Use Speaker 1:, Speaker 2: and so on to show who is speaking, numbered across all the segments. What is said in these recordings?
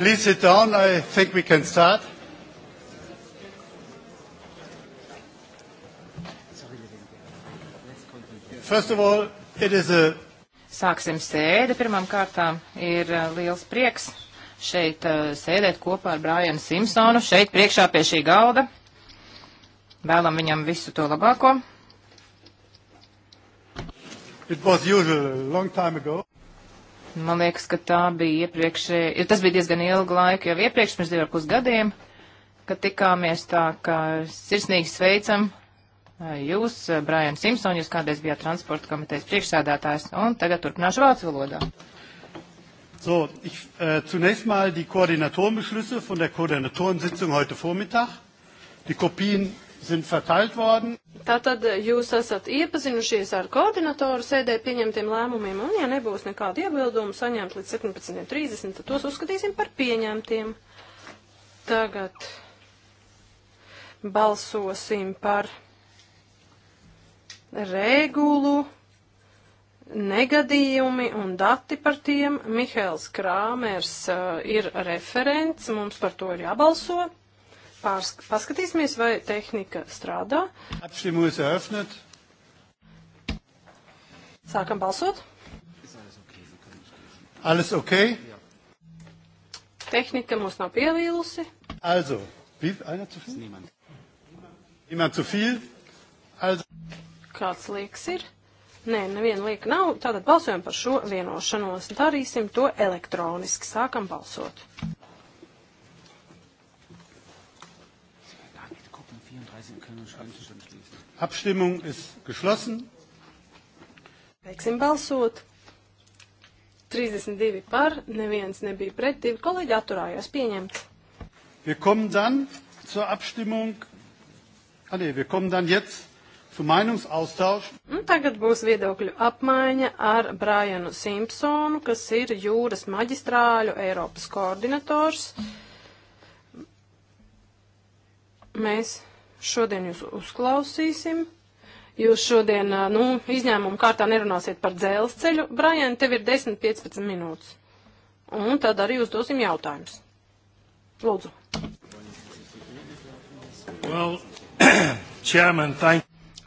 Speaker 1: Please sit down. I think we can start.
Speaker 2: First of
Speaker 3: all, it is a. Sāksim sēdi. Pirmām kārtām ir uh, liels prieks šeit uh, sēdēt kopā ar Brānu Simpsonu šeit priekšā pie šī galda. Vēlam viņam visu to labāko.
Speaker 1: It was usual a long time ago.
Speaker 3: Man liekas, ka tā bija iepriekšēja, jo tas bija diezgan ilgu laiku jau iepriekš, pirms diviem pusgadiem, kad tikāmies tā, ka sirsnīgi sveicam eh, jūs, eh, Brian Simpson, jūs kādreiz bijāt transporta komitejas priekšsēdētājs, un tagad turpināšu vācu valodā. So, ich, äh, zunächst
Speaker 1: mal die Koordinatorenbeschlüsse von der Koordinatorensitzung heute Vormittag. Die Kopien sind verteilt worden.
Speaker 2: Tātad jūs esat iepazinušies ar koordinatoru sēdē pieņemtiem lēmumiem, un ja nebūs nekādu iebildumu saņemt līdz 17.30, tad tos uzskatīsim par pieņemtiem. Tagad balsosim par regulu, negadījumi un dati par tiem. Mihēls Krāmers uh, ir referents, mums par to ir jābalso. Pārs, paskatīsimies, vai tehnika strādā.
Speaker 1: Apšķirmūs eröffnet.
Speaker 2: Sākam balsot. Alles ok? Tehnika mūs nav pievīlusi.
Speaker 1: Also, wie einer zu viel? Niemand. Niemand zu viel? Also.
Speaker 2: Kāds liekas ir? Nē, neviena lieka nav, tātad balsojam par šo vienošanos. Darīsim to elektroniski. Sākam balsot.
Speaker 1: Abstimmung ist geschlossen.
Speaker 2: Beigsim balsot. 32 par, neviens nebija pret, divi kolēģi atturājās pieņemts.
Speaker 1: Wir kommen dann zur Abstimmung. Ah, nee, wir kommen dann jetzt zum Meinungsaustausch.
Speaker 2: Un tagad būs viedokļu apmaiņa ar Brianu Simpsonu, kas ir jūras maģistrāļu Eiropas koordinators. Mēs Šodien jūs uzklausīsim. Jūs šodien, nu, izņēmumu kārtā nerunāsiet par dzelzceļu. Brian, tev ir 10-15 minūtes. Un tad arī uzdosim jautājumus. Lūdzu.
Speaker 3: Well,
Speaker 1: chairman, thank...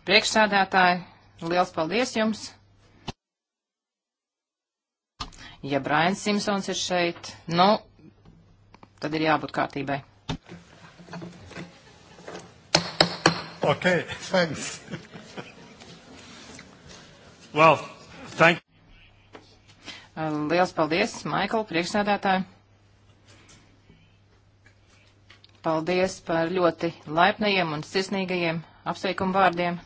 Speaker 3: Priekšsādātāji, liels paldies jums! Ja Brians Simpsons ir šeit, nu, tad ir jābūt kārtībai. Okay, thanks. Well, thank uh, Liels paldies, Maikl, priekšsēdētāji. Paldies par ļoti laipnajiem un sirsnīgajiem apsveikumu vārdiem.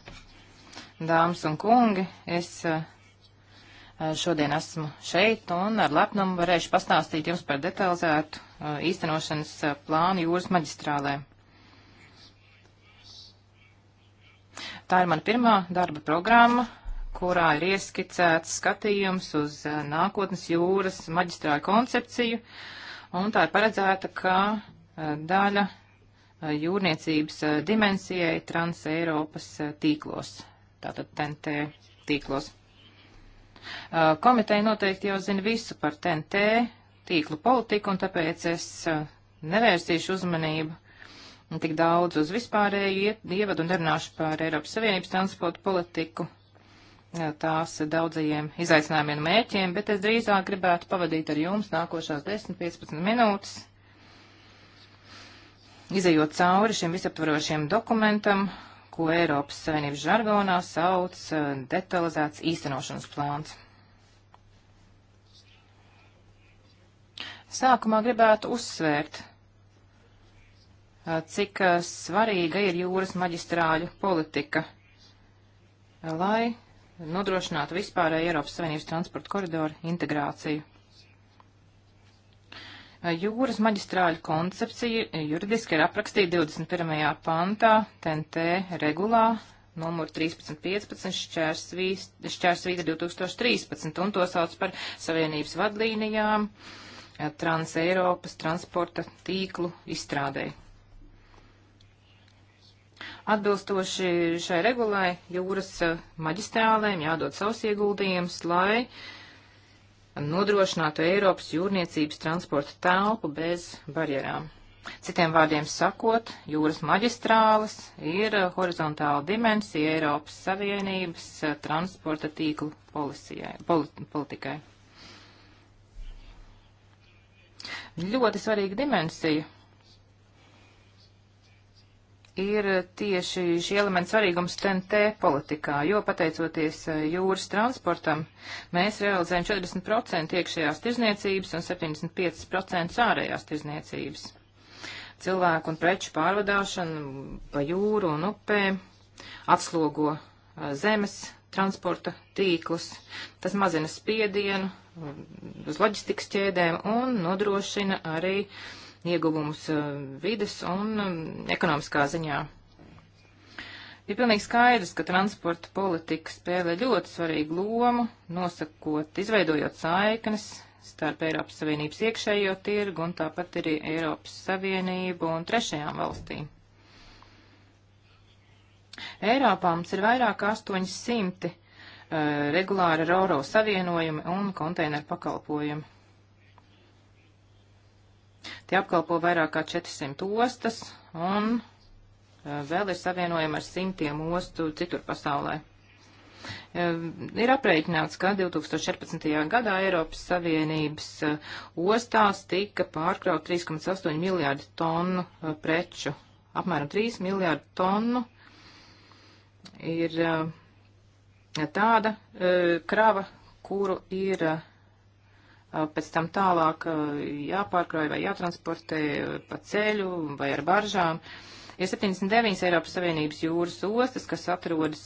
Speaker 3: Dāmas un kungi, es uh, uh, šodien esmu šeit un ar lepnumu varēšu pastāstīt jums par detalizētu īstenošanas plānu jūras maģistrālēm. Tā ir mana pirmā darba programma, kurā ir ieskicēts skatījums uz eh, nākotnes jūras maģistrāļu koncepciju, un tā ir paredzēta, ka eh, daļa eh, jūrniecības dimensijai Trans-Eiropas tīklos, tātad TNT tīklos. Komiteja noteikti jau zina visu par TNT tīklu politiku, un tāpēc es nevērsīšu uzmanību tik daudz uz vispārēju ievadu un nerunāšu par Eiropas Savienības transportu politiku, tās daudzajiem izaicinājumiem un mērķiem, bet es drīzāk gribētu pavadīt ar jums nākošās 10-15 minūtes, izējot cauri šiem visaptvarošiem dokumentam, ko Eiropas Savienības žargonā sauc eh, detalizēts īstenošanas plāns. Sākumā gribētu uzsvērt, cik svarīga ir jūras maģistrāļu politika, lai nodrošinātu vispārēju Eiropas Savienības transporta koridoru integrāciju. Jūras maģistrāļu koncepcija juridiski ir aprakstīta 21. pantā TNT regulā numur 1315 šķērsvīta 2013 un to sauc par Savienības vadlīnijām Trans-Eiropas transporta tīklu izstrādēju. Atbilstoši šai regulai jūras eh, maģistrālēm jādod savus ieguldījumus, lai nodrošinātu Eiropas jūrniecības transporta telpu bez barjerām. Citiem vārdiem sakot, jūras maģistrāles ir eh, horizontāla dimensija Eiropas Savienības eh, transporta tīklu politikai. Ļoti svarīga dimensija ir tieši šī elementa svarīgums TNT politikā, jo pateicoties eh, jūras transportam, mēs realizējam 40% iekšējās tirzniecības un 75% ārējās tirzniecības. Cilvēku un preču pārvadāšana pa jūru un upēm atslogo eh, zemes transporta tīklus, tas mazina spiedienu mm, uz loģistikas ķēdēm un nodrošina arī uh, ieguvumus eh, vides un eh, ekonomiskā ziņā. Ir pilnīgi skaidrs, ka transporta politika spēlē ļoti svarīgu lomu, nosakot, izveidojot saiknes starp Eiropas Savienības iekšējo tirgu un tāpat arī Eiropas Savienību un trešajām valstīm. Eiropā mums ir vairāk 800 uh, eh, regulāri ar oro savienojumi un konteineru pakalpojumi. Tie apkalpo vairāk kā 400 ostas un e, vēl ir savienojama ar simtiem ostu citur pasaulē. E, ir aprēķināts, ka 2014. gadā Eiropas Savienības e, ostās tika pārkraut 3,8 miljārdu tonu preču. Apmēram 3 miljārdu tonu ir tāda krava, kuru ir pēc tam tālāk jāpārkrauj vai jātransportē pa ceļu vai ar baržām. Ir 79 Eiropas Savienības jūras ostas, kas atrodas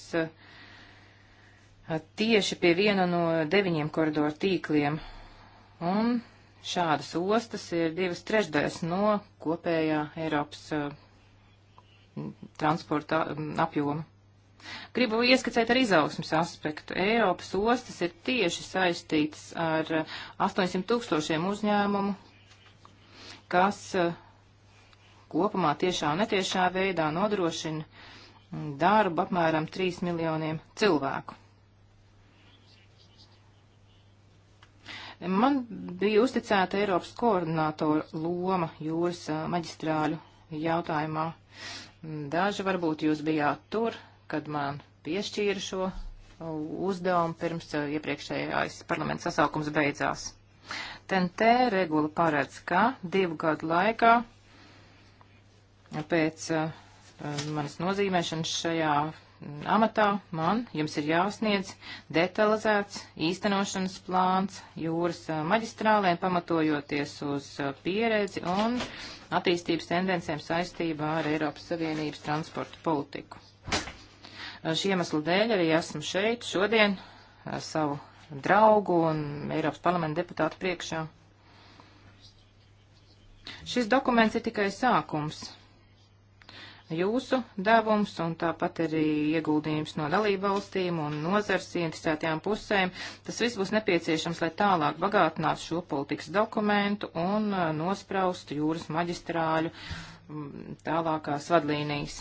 Speaker 3: tieši pie viena no deviņiem koridoru tīkliem. Un šādas ostas ir divas trešdaļas no kopējā Eiropas transporta apjoma. Gribu ieskicēt ar izaugsmas aspektu. Eiropas ostas ir tieši saistītas ar 800 uh, tūkstošiem uzņēmumu, kas uh, kopumā tiešā un netiešā veidā nodrošina darbu apmēram 3 miljoniem cilvēku. Man bija uzticēta Eiropas koordinātora loma jūras uh, maģistrāļu jautājumā. Daži varbūt jūs bijāt tur, kad man piešķīra šo uh, uzdevumu pirms uh, iepriekšējais parlamenta sasaukums beidzās. TNT regula paredz, ka divu gadu laikā pēc uh, manas nozīmēšanas šajā amatā man jums ir jāsniedz detalizēts īstenošanas plāns jūras uh, maģistrālēm, pamatojoties uz pieredzi un attīstības tendencēm saistībā ar Eiropas Savienības transporta politiku. Šī iemesla dēļ arī esmu šeit šodien savu draugu un Eiropas parlamenta deputātu priekšā. Šis dokuments ir tikai sākums. Jūsu devums un tāpat arī ieguldījums no dalībvalstīm un nozars interesētajām pusēm, tas viss būs nepieciešams, lai tālāk bagātinātu šo politikas dokumentu un nospraustu jūras maģistrāļu tālākās vadlīnijas.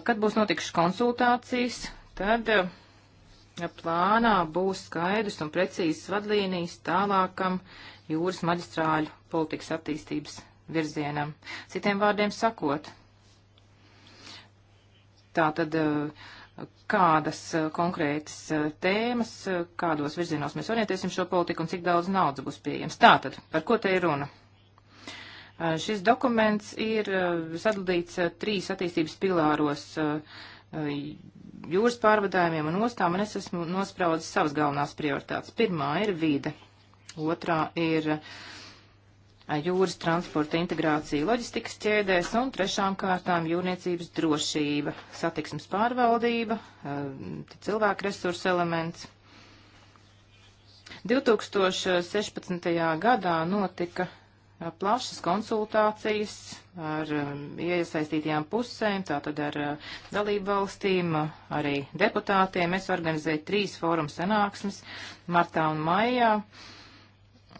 Speaker 3: Kad būs notikušas konsultācijas, tad plānā būs skaidrs un precīzes vadlīnijas tālākam jūras maģistrāļu politikas attīstības virzienam. Citiem vārdiem sakot, tā tad kādas eh, konkrētas eh, tēmas, eh, kādos virzienos mēs orientēsim šo politiku un cik daudz naudas būs pieejams. Tātad, par ko te ir runa? Uh, šis dokuments ir uh, sadalīts uh, trīs attīstības pilāros jūras pārvadājumiem un ostām, un es esmu nospraudis savas galvenās prioritātes. Pirmā ir vīde, otrā ir jūras transporta integrācija loģistikas ķēdēs, un trešām kārtām jūrniecības drošība, satiksmes pārvaldība, cilvēku resursu elements. 2016. gadā notika plašas konsultācijas ar um, iesaistītajām pusēm, tātad ar dalību valstīm, arī deputātiem. Es organizēju trīs fórumu sanāksmes martā un maijā,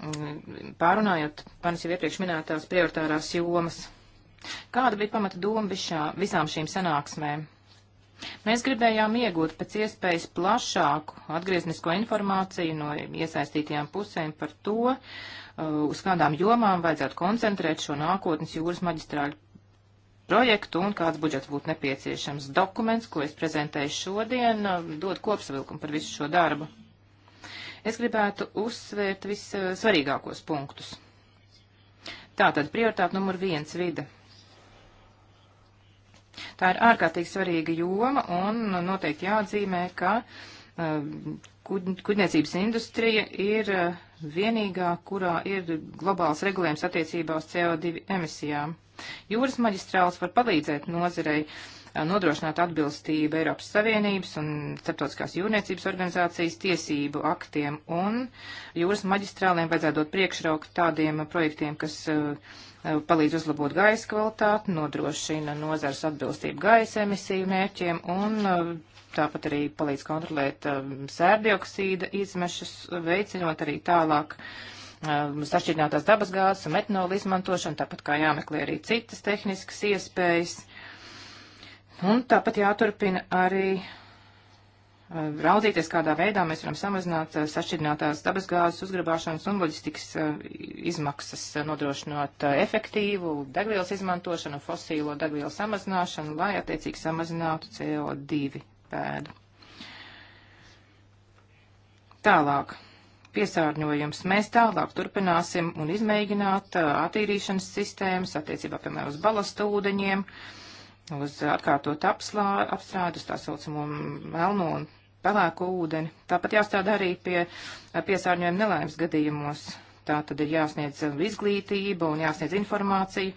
Speaker 3: mm, pārunājot panis jau iepriekš minētās prioritārās jomas. Kāda bija pamata doma visā, visām šīm sanāksmēm? Mēs gribējām iegūt pēc iespējas plašāku atgrieznisko informāciju no iesaistītajām pusēm par to, uh, Uh, uz kādām jomām vajadzētu koncentrēt šo nākotnes jūras maģistrāļu projektu un kāds budžets būtu nepieciešams. Dokuments, ko es prezentēju šodien, uh, dod kopsavilkumu par visu šo darbu. Es gribētu uzsvērt vissvarīgākos uh, punktus. Tātad prioritāte numur viens - vide. Tā ir ārkārtīgi svarīga joma un noteikti jāatzīmē, ka uh, Ehm, kuģniecības industrija ir eh, vienīgā, kurā ir globāls regulējums attiecībā uz CO2 emisijām. Jūras maģistrāls var palīdzēt nozarei eh, nodrošināt atbilstību Eiropas Savienības un starptautiskās jūrniecības organizācijas tiesību aktiem, un jūras maģistrāliem vajadzētu dot priekšrauku tādiem projektiem, kas eh, palīdz uzlabot gaisa kvalitāti, nodrošina nozars atbilstību gaisa emisiju mērķiem un tāpat arī palīdz kontrolēt um, sērdioksīda izmešas, veicinot arī tālāk um, sašķidrinātās dabasgāzes un metanola izmantošanu, tāpat kā jāmeklē arī citas tehniskas iespējas. Un tāpat jāturpina arī um, raudzīties, kādā veidā mēs varam samazināt uh, sašķidrinātās dabasgāzes uzgrabāšanas un loģistikas uh, izmaksas, uh, nodrošinot uh, efektīvu degvielas izmantošanu, fosīlo degvielu samazināšanu, lai attiecīgi samazinātu CO2 pēdu. Tālāk. Piesārņojums. Mēs tālāk turpināsim un izmēģināt attīrīšanas sistēmas attiecībā, piemēram, uz balastu ūdeņiem, uz atkārtot apslā, apstrādi, uz tā saucamo melno un pelēko ūdeni. Tāpat jāstrādā arī pie piesārņojuma nelaimes gadījumos. Tā tad ir jāsniedz izglītība un jāsniedz informācija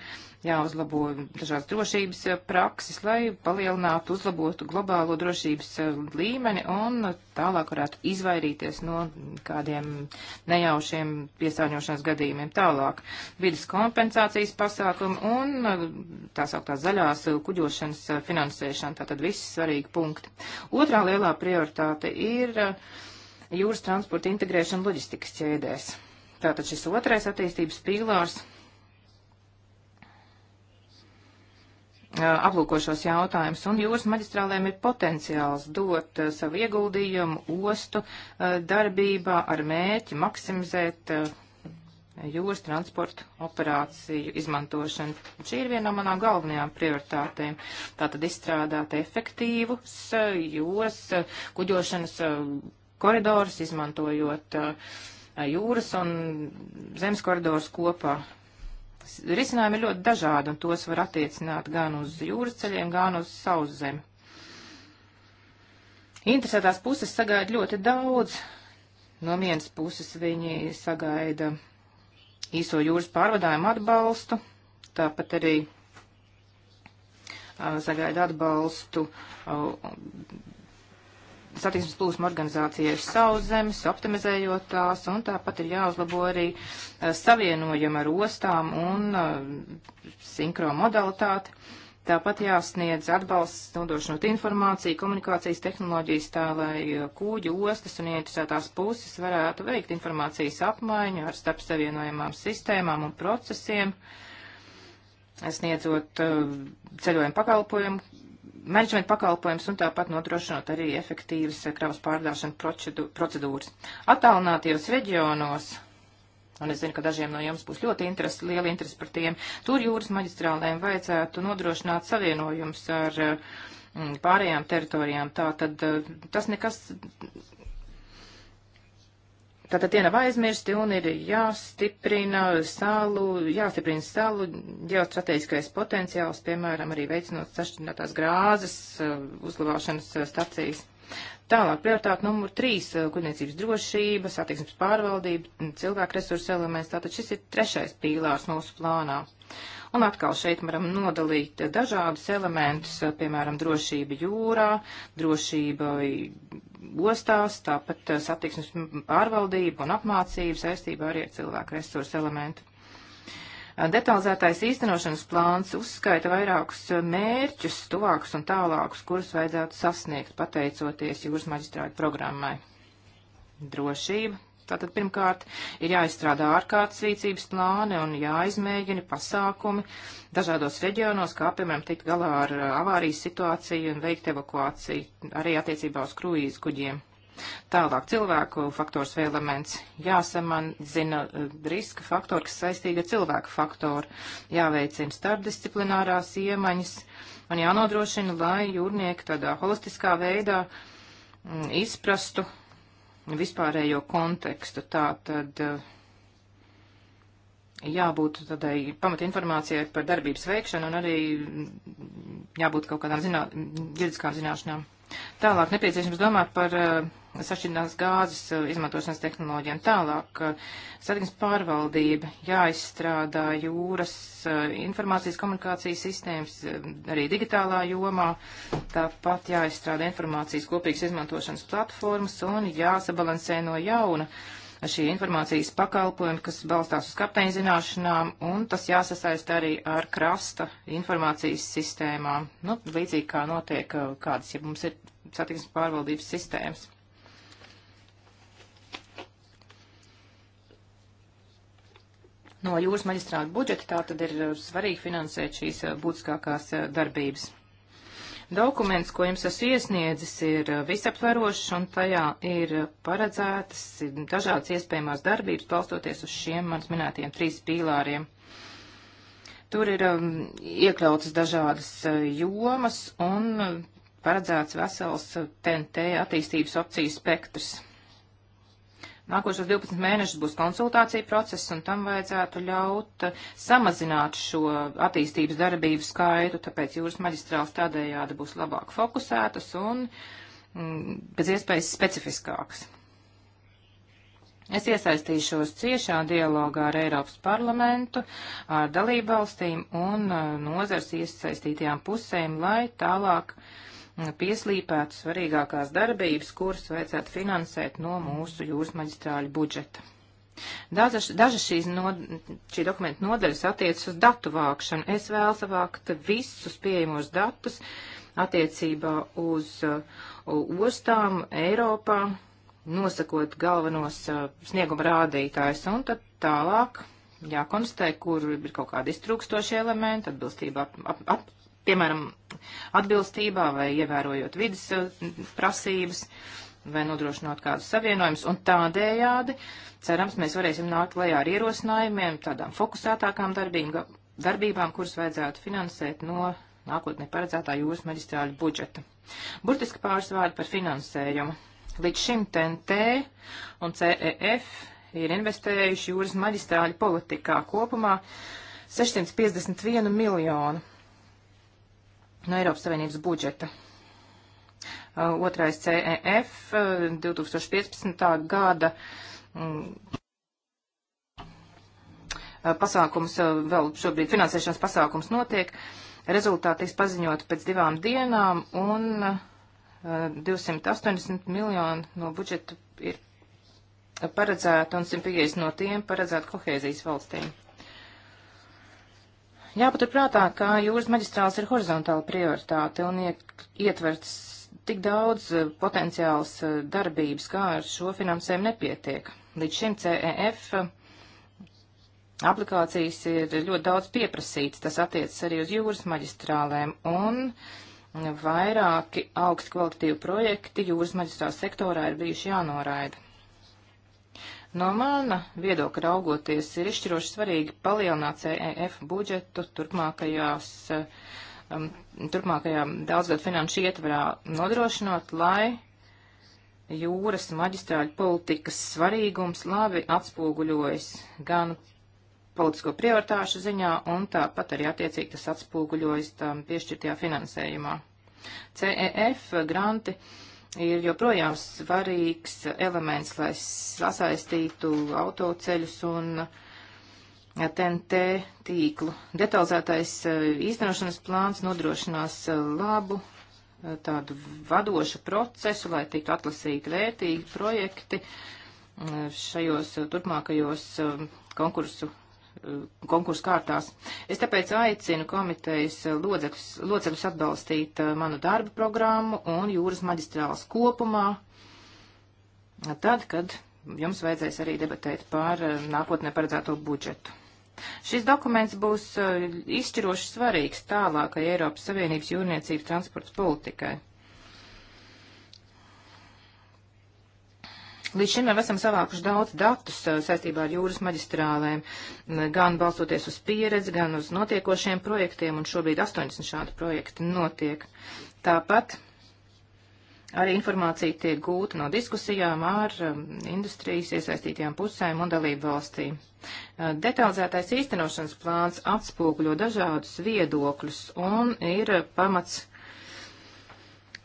Speaker 3: jāuzlabo dažādas drošības eh, prakses, lai palielinātu, uzlabotu globālo drošības eh, līmeni un tālāk varētu izvairīties no kādiem nejaušiem piesārņošanas gadījumiem. Tālāk vidas kompensācijas pasākumi un eh, tā sauktā zaļās kuģošanas finansēšana, tātad visi svarīgi punkti. Otrā lielā prioritāte ir jūras transporta integrēšana loģistikas ķēdēs. Tātad šis otrais attīstības pīlārs aplūkošos jautājumus, un jūras maģistrālēm ir potenciāls dot savu ieguldījumu ostu darbībā ar mērķi maksimizēt jūras transportu operāciju izmantošanu. Šī ir viena no manām galvenajām prioritātēm. Tātad izstrādāt efektīvus jūras kuģošanas koridors, izmantojot jūras un zemes koridors kopā. Risinājumi ir ļoti dažādi, un tos var attiecināt gan uz jūras ceļiem, gan uz saules zemi. Interesētās puses sagaida ļoti daudz. No vienas puses viņi sagaida īso jūras pārvadājumu atbalstu, tāpat arī sagaida atbalstu satiksmes plūsmu organizācijai savus zemes, optimizējot tās, un tāpat ir jāuzlabo arī eh, savienojumi ar ostām un eh, sinkro modalitāti. Tāpat jāsniedz atbalsts, nodošanot informāciju, komunikācijas tehnoloģijas tā, lai eh, kūģi, ostas un ieinteresētās puses varētu veikt informācijas apmaiņu ar starp savienojumām sistēmām un procesiem, sniedzot ceļojumu pakalpojumu menedžmenta pakalpojums un tāpat nodrošinot arī efektīvas eh, kravas pārdāšana procedūras. Attālinātajos reģionos, un es zinu, ka dažiem no jums būs ļoti interesi, liela interesi par tiem, tur jūras maģistrālēm vajadzētu nodrošināt savienojums ar eh, pārējām teritorijām. Tā tad eh, tas nekas Tātad tie nav aizmirsti un ir jāstiprina salu, jāstiprina salu ģeostrateģiskais potenciāls, piemēram, arī veicinot sašķinātās grāzes uh, uzglabāšanas uh, stacijas. Tālāk, prioritāte numur trīs uh, - kuģniecības drošība, satiksmes pārvaldība, mm, cilvēku resursu elements. Tātad šis ir trešais pīlārs mūsu plānā. Un atkal šeit varam nodalīt dažādus elementus, piemēram, drošība jūrā, drošība ostās, tāpat eh, satiksmes pārvaldība un apmācība saistībā arī ar cilvēku resursu elementu. Eh, detalizētais īstenošanas plāns uzskaita vairākus eh, mērķus, tuvākus un tālākus, kurus vajadzētu sasniegt pateicoties jūras maģistrāta programmai. Drošība, Tātad pirmkārt ir jāizstrādā ārkārtas rīcības plāni un jāizmēģina pasākumi dažādos reģionos, kā piemēram tikt galā ar uh, avārijas situāciju un veikt evakuāciju arī attiecībā uz kruīzu kuģiem. Tālāk cilvēku faktors vai elements jāsamazina uh, riska faktori, kas saistīga ar cilvēku faktoru, jāveicina starpdisciplinārās iemaņas un jānodrošina, lai jūrnieki tādā holistiskā veidā m, mm, izprastu vispārējo kontekstu. Tā tad eh, jābūt tādai pamatinformācijai par darbības veikšanu un arī mm, jābūt kaut kādām zinā, juridiskām zināšanām. Tālāk nepieciešams domāt par uh, eh, sašķidrinās gāzes uh, izmantošanas tehnoloģijām. Tālāk uh, eh, satiksmes pārvaldība jāizstrādā jūras informācijas komunikācijas sistēmas, arī digitālā jomā. Tāpat jāizstrādā informācijas kopīgas izmantošanas platformas un jāsabalansē no jauna. Uh, šī informācijas pakalpojumi, kas balstās uz kapteiņa zināšanām, un tas jāsasaista arī ar krasta informācijas sistēmām, nu, līdzīgi kā notiek uh, kādas, ja mums ir satiksmes pārvaldības sistēmas. No jūras maģistrāta budžeta tā tad ir uh, svarīgi finansēt šīs uh, būtiskākās darbības. Dokuments, ko jums esmu iesniedzis, ir uh, visaptverošs un tajā ir paredzētas dažādas iespējamās darbības, balstoties uz šiem manas minētajiem trīs pīlāriem. Tur ir um, iekļautas dažādas uh, jomas un uh, paredzēts vesels TNT attīstības opciju spektrs. Nākošos 12 mēnešus būs konsultācija process, un tam vajadzētu ļaut eh, samazināt šo attīstības darbību skaitu, tāpēc jūras maģistrāls tādējādi būs labāk fokusētas un mm, pēc iespējas specifiskākas. Es iesaistīšos ciešā dialogā ar Eiropas parlamentu, ar dalībvalstīm un eh, nozars iesaistītajām pusēm, lai tālāk uh, pieslīpētu svarīgākās darbības, kuras vajadzētu finansēt no mūsu jūras maģistrāļu budžeta. Dažas, dažas šīs no, šī dokumenta nodaļas attiecas uz datu vākšanu. Es vēlu savākt visus pieejamos datus attiecībā uz uh, ostām Eiropā, nosakot galvenos uh, snieguma rādītājus, un tad tālāk jākonstatē, kur ir kaut kādi iztrūkstošie elementi, atbilstībā ap, ap, piemēram, atbilstībā vai ievērojot vidas uh, prasības vai nodrošinot kādus savienojumus, un tādējādi, cerams, mēs varēsim nākt lejā ar ierosinājumiem, tādām fokusētākām darbība, darbībām, kuras vajadzētu finansēt no nākotnē paredzētā jūras maģistrāļa budžeta. Burtiski pāris vārdi par finansējumu. Līdz šim TNT un CEF ir investējuši jūras maģistrāļa politikā kopumā 651 miljonu no Eiropas Savienības budžeta. Uh, otrais CEF 2015. Uh, gada mm, uh, pasākums, vēl šobrīd finansēšanas pasākums notiek. Rezultāti tiks paziņot pēc divām dienām un 280 miljoni no budžeta ir paredzēta un 150 no tiem paredzēta kohēzijas valstīm. Jāpaturprātā, ka jūras maģistrāls ir horizontāla prioritāte un ietverts tik daudz eh, potenciāls eh, darbības, kā ar šo finansēm nepietiek. Līdz šim CEF eh, aplikācijas ir ļoti daudz pieprasīts, tas attiecas arī uz jūras maģistrālēm, un vairāki augstu kvalitatīvu projekti jūras maģistrāls sektorā ir bijuši jānoraida. No mana viedokļa raugoties, ir izšķiroši svarīgi palielināt CEF budžetu turpmākajās, um, turpmākajā daudzgad finanšu ietvarā nodrošinot, lai jūras maģistrāļu politikas svarīgums labi atspoguļojas gan politisko prioritāšu ziņā, un tāpat arī attiecīgi tas atspoguļojas tam piešķirtajā finansējumā. CEF granti uh, ir joprojām svarīgs elements, lai sasaistītu autoceļus un TNT tīklu. Detalizētais eh, īstenošanas plāns nodrošinās eh, labu eh, tādu vadošu procesu, lai tiktu atlasīti vērtīgi projekti šajos turpmākajos konkursu Eh, konkursu kārtās. Es tāpēc aicinu komitejas locekļus atbalstīt eh, manu darba programmu un jūras maģistrāls kopumā, tad, kad jums vajadzēs arī debatēt par eh, nākotnē paredzēto budžetu. Šis dokuments būs izšķiroši svarīgs tālākai Eiropas Savienības jūrniecības transporta politikai. Līdz šim jau esam savākuši daudz datus eh, saistībā ar jūras maģistrālēm, eh, gan balstoties uz pieredzi, gan uz notiekošiem projektiem, un šobrīd 80 šādi projekti notiek. Tāpat arī informācija tiek gūta no diskusijām ar um, industrijas iesaistītajām pusēm un dalību valstīm. Eh, detalizētais īstenošanas plāns atspoguļo dažādus viedokļus un ir pamats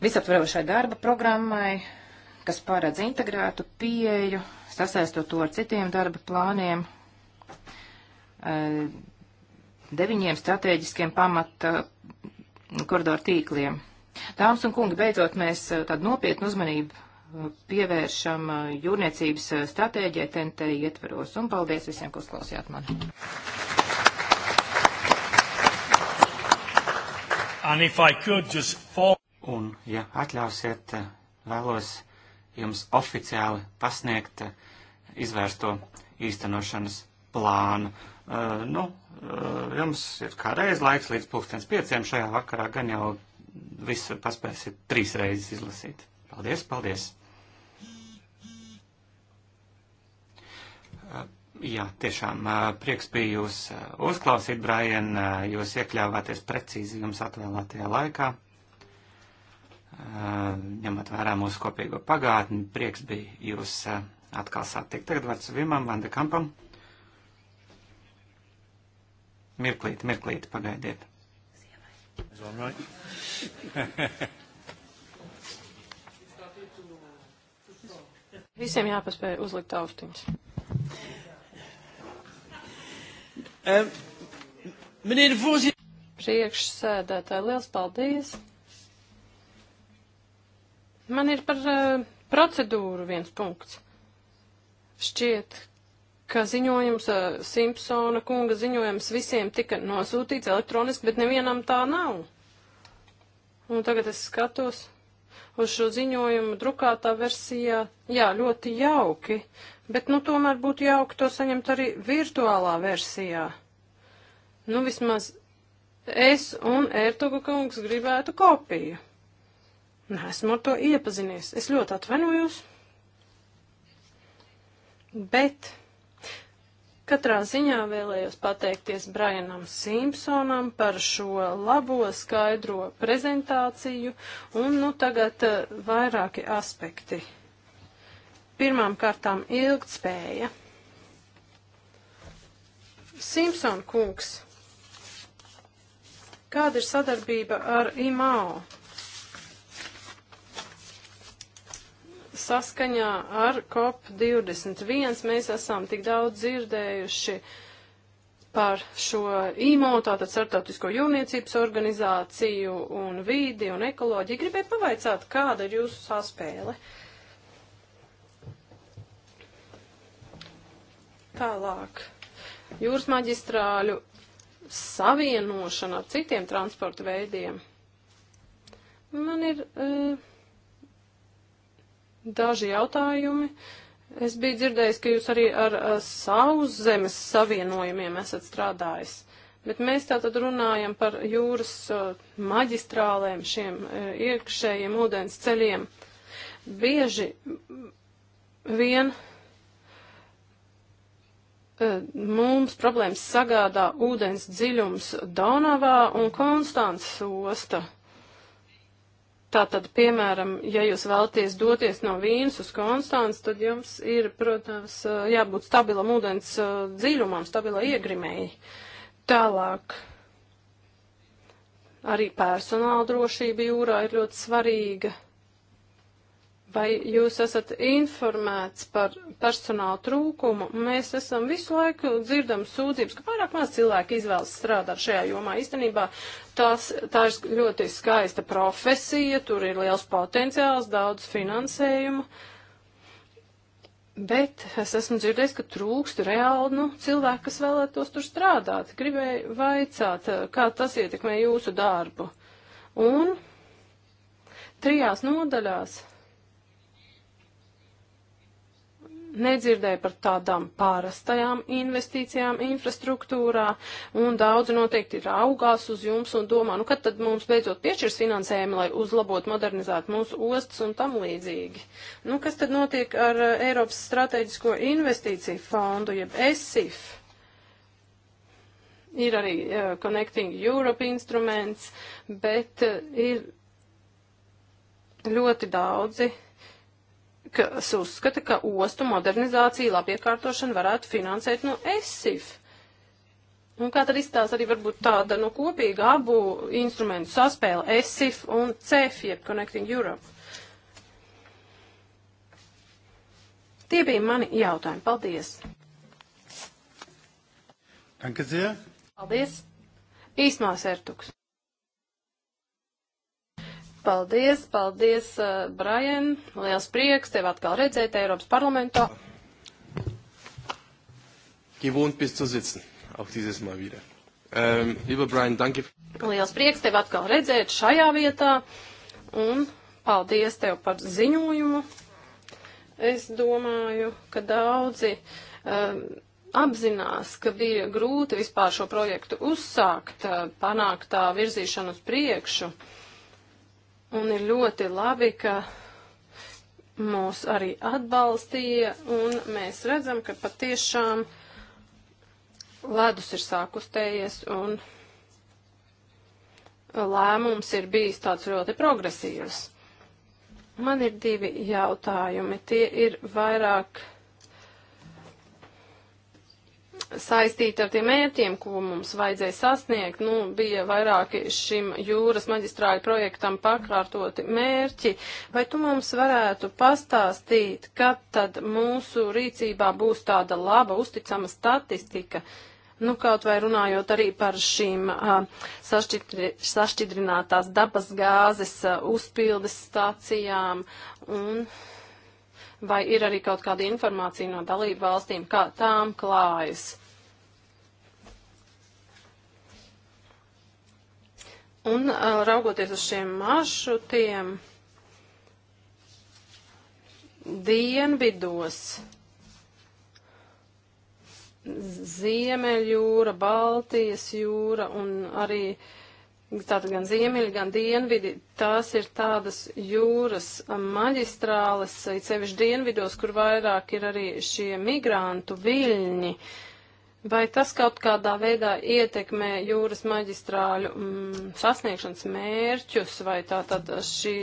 Speaker 3: visaptverošai darba programmai, kas paredz integrētu pieeju, sasaistot to ar citiem darba plāniem, eh, deviņiem strateģiskiem pamata eh, koridoru tīkliem. Dāmas un kungi, beidzot mēs eh, tādu nopietnu uzmanību pievēršam jūrniecības stratēģijai TNT ietveros. Un paldies visiem, kas klausījāt mani.
Speaker 2: Fall...
Speaker 4: Un, ja atļausiet, vēlos jums oficiāli pasniegt eh, izvērsto īstenošanas plānu. Uh, nu, uh, jums ir kādreiz laiks līdz pulkstens pieciem šajā vakarā, gan jau visu paspēsiet trīs reizes izlasīt. Paldies, paldies! Uh, jā, tiešām prieks bija jūs uzklausīt, Brian, jūs iekļāvāties precīzi jums atvēlētajā laikā ņemot vērā mūsu kopīgo pagātni. Prieks bija jūs atkal satikt. Tagad vārds Vimam Vandekampam. Mirklīt, mirklīt, pagaidiet.
Speaker 2: Visiem jāpaspēj uzlikt austiņas. Um, Priekšsēdētāji, liels paldies! Man ir par uh, procedūru viens punkts. Šķiet, ka ziņojums, uh, Simpsona kunga ziņojums visiem tika nosūtīts elektroniski, bet nevienam tā nav. Un tagad es skatos uz šo ziņojumu drukātā versijā. Jā, ļoti jauki, bet nu tomēr būtu jauki to saņemt arī virtuālā versijā. Nu vismaz es un Ertuga kungs gribētu kopiju. Nesmu ar to iepazinies. Es ļoti atvainojos. Bet katrā ziņā vēlējos pateikties Brianam Simpsonam par šo labo skaidro prezentāciju un nu tagad eh, vairāki aspekti. Pirmām kārtām ilgtspēja. Simpson kungs, kāda ir sadarbība ar IMAO? saskaņā ar COP21 mēs esam tik daudz dzirdējuši par šo IMO, tātad Startautisko jūrniecības organizāciju un vīdi un ekoloģiju. Gribēju pavaicāt, kāda ir jūsu saspēle? Tālāk. Jūras maģistrāļu savienošana ar citiem transporta veidiem. Man ir. Uh, Daži jautājumi. Es biju dzirdējis, ka jūs arī ar, ar savus zemes savienojumiem esat strādājis. Bet mēs tātad runājam par jūras maģistrālēm, šiem e, iekšējiem ūdens ceļiem. Bieži vien e, mums problēmas sagādā ūdens dziļums Donavā un Konstants osta. Uh, Tātad, piemēram, ja jūs vēlaties doties no Vīnas uz Konstants, tad jums ir, protams, jābūt stabilam ūdens dziļumam, stabilai iegrimēji. Tālāk. Arī personāla drošība jūrā ir ļoti svarīga. Vai jūs esat informēts par personāla trūkumu? Mēs esam visu laiku dzirdam sūdzības, ka pārāk maz cilvēki izvēlas strādāt šajā jomā. Īstenībā tās, tā ir ļoti skaista profesija, tur ir liels potenciāls, daudz finansējumu. Bet es esmu dzirdējis, ka trūkst reāli nu, cilvēku, kas vēlētos tur strādāt. Gribēju vaicāt, kā tas ietekmē jūsu darbu. Un trijās nodaļās nedzirdēja par tādām pārastajām investīcijām infrastruktūrā, un daudzi noteikti raugās uz jums un domā, nu kad tad mums beidzot piešķirs finansējumu, lai uzlabot, modernizētu mūsu ostas un tam līdzīgi. Nu, kas tad notiek ar eh, Eiropas strateģisko investīciju fondu, jeb ESIF? Ir arī uh, Connecting Europe instruments, bet uh, ir ļoti daudzi kas uzskata, ka ostu modernizāciju labiekārtošanu varētu finansēt no ESIF. Un kā tad izstās arī varbūt tāda no nu, kopīga abu instrumentu saspēle ESIF un CEF, jeb Connecting Europe? Tie bija mani jautājumi. Paldies! Danke sehr! Paldies! Īsmās ertuks! Paldies, paldies, uh, Brian. Liels prieks tev atkal redzēt Eiropas parlamentā.
Speaker 1: Gewohnt bist zu sitzen, auch dieses Mal wieder. Ähm, lieber Brian, danke.
Speaker 2: Liels prieks tev atkal redzēt šajā vietā un paldies tev par ziņojumu. Es domāju, ka daudzi um, apzinās, ka bija grūti vispār šo projektu uzsākt, uh, panākt tā virzīšanu uz priekšu. Uh, Un ir ļoti labi, ka mūs arī atbalstīja, un mēs redzam, ka patiešām ledus ir sākustējies, un lēmums ir bijis tāds ļoti progresīvs. Man ir divi jautājumi. Tie ir vairāk saistīta ar tiem mērķiem, ko mums vajadzēja sasniegt. Nu, bija vairāki šim jūras maģistrāļu projektam pakārtoti mērķi. Vai tu mums varētu pastāstīt, kad tad mūsu rīcībā būs tāda laba, uzticama statistika? Nu, kaut vai runājot arī par šīm sašķidri, sašķidrinātās dabas gāzes a, uzpildes stācijām un vai ir arī kaut kāda informācija no dalību valstīm, kā tām klājas. Un uh, raugoties uz šiem maršrutiem, dienvidos, Ziemeļjūra, Baltijas jūra un arī tātad gan ziemeļi, gan dienvidi, tās ir tādas jūras maģistrāles, sevišķi dienvidos, kur vairāk ir arī šie migrantu viļņi. Uh, Vai tas kaut kādā veidā ietekmē jūras maģistrāļu mm, sasniegšanas mērķus, vai tā tad šī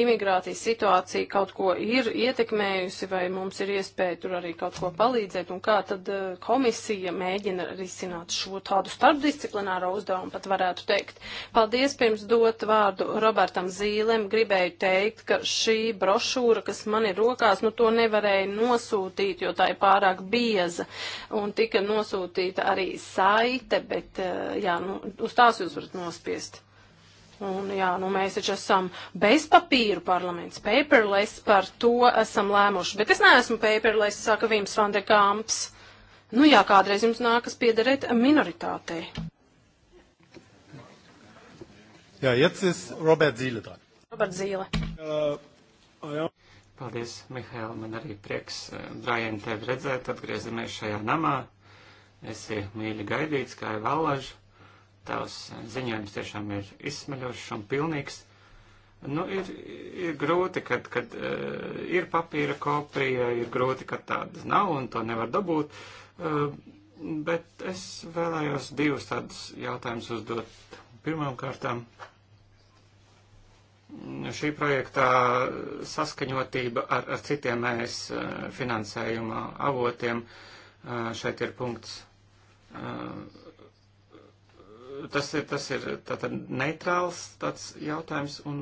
Speaker 2: imigrācijas situācija kaut ko ir ietekmējusi, vai mums ir iespēja tur arī kaut ko palīdzēt, un kā tad eh, komisija mēģina risināt šo tādu starpdisciplināro uzdevumu, pat varētu teikt. Paldies pirms dot vārdu Robertam Zīlem, gribēju teikt, ka šī brošūra, kas man ir rokās, nu to nevarēja nosūtīt, jo tā ir pārāk bieza un tika nosūtīta nosūtīta arī saite, bet eh, jā, nu, uz tās jūs varat nospiest. Un, jā, nu, mēs taču esam bez papīru parlaments, paperless, par to esam lēmuši. Bet es neesmu paperless, saka Vims Vandekāms. Nu jā, kādreiz jums nākas piederēt minoritātei.
Speaker 1: Jā, jetzt
Speaker 4: ist Robert Zīle dran. Robert Zīle. Uh, jā. Paldies, Mihail, man arī prieks, eh, Brian, tevi redzēt, atgriezamies šajā namā. Esi mīļi gaidīts, kā ir vallaž. Tavs ziņojums tiešām ir izsmeļošs un pilnīgs. Nu, ir, ir grūti, kad, kad uh, ir papīra kopija, ir grūti, kad tādas nav un to nevar dabūt. Uh, bet es vēlējos divus tādus jautājumus uzdot. Pirmām kārtām šī projektā saskaņotība ar, ar citiem mēs eh, finansējuma avotiem. Šeit ir punkts Tas ir, tas ir tātad neitrāls tāds jautājums, un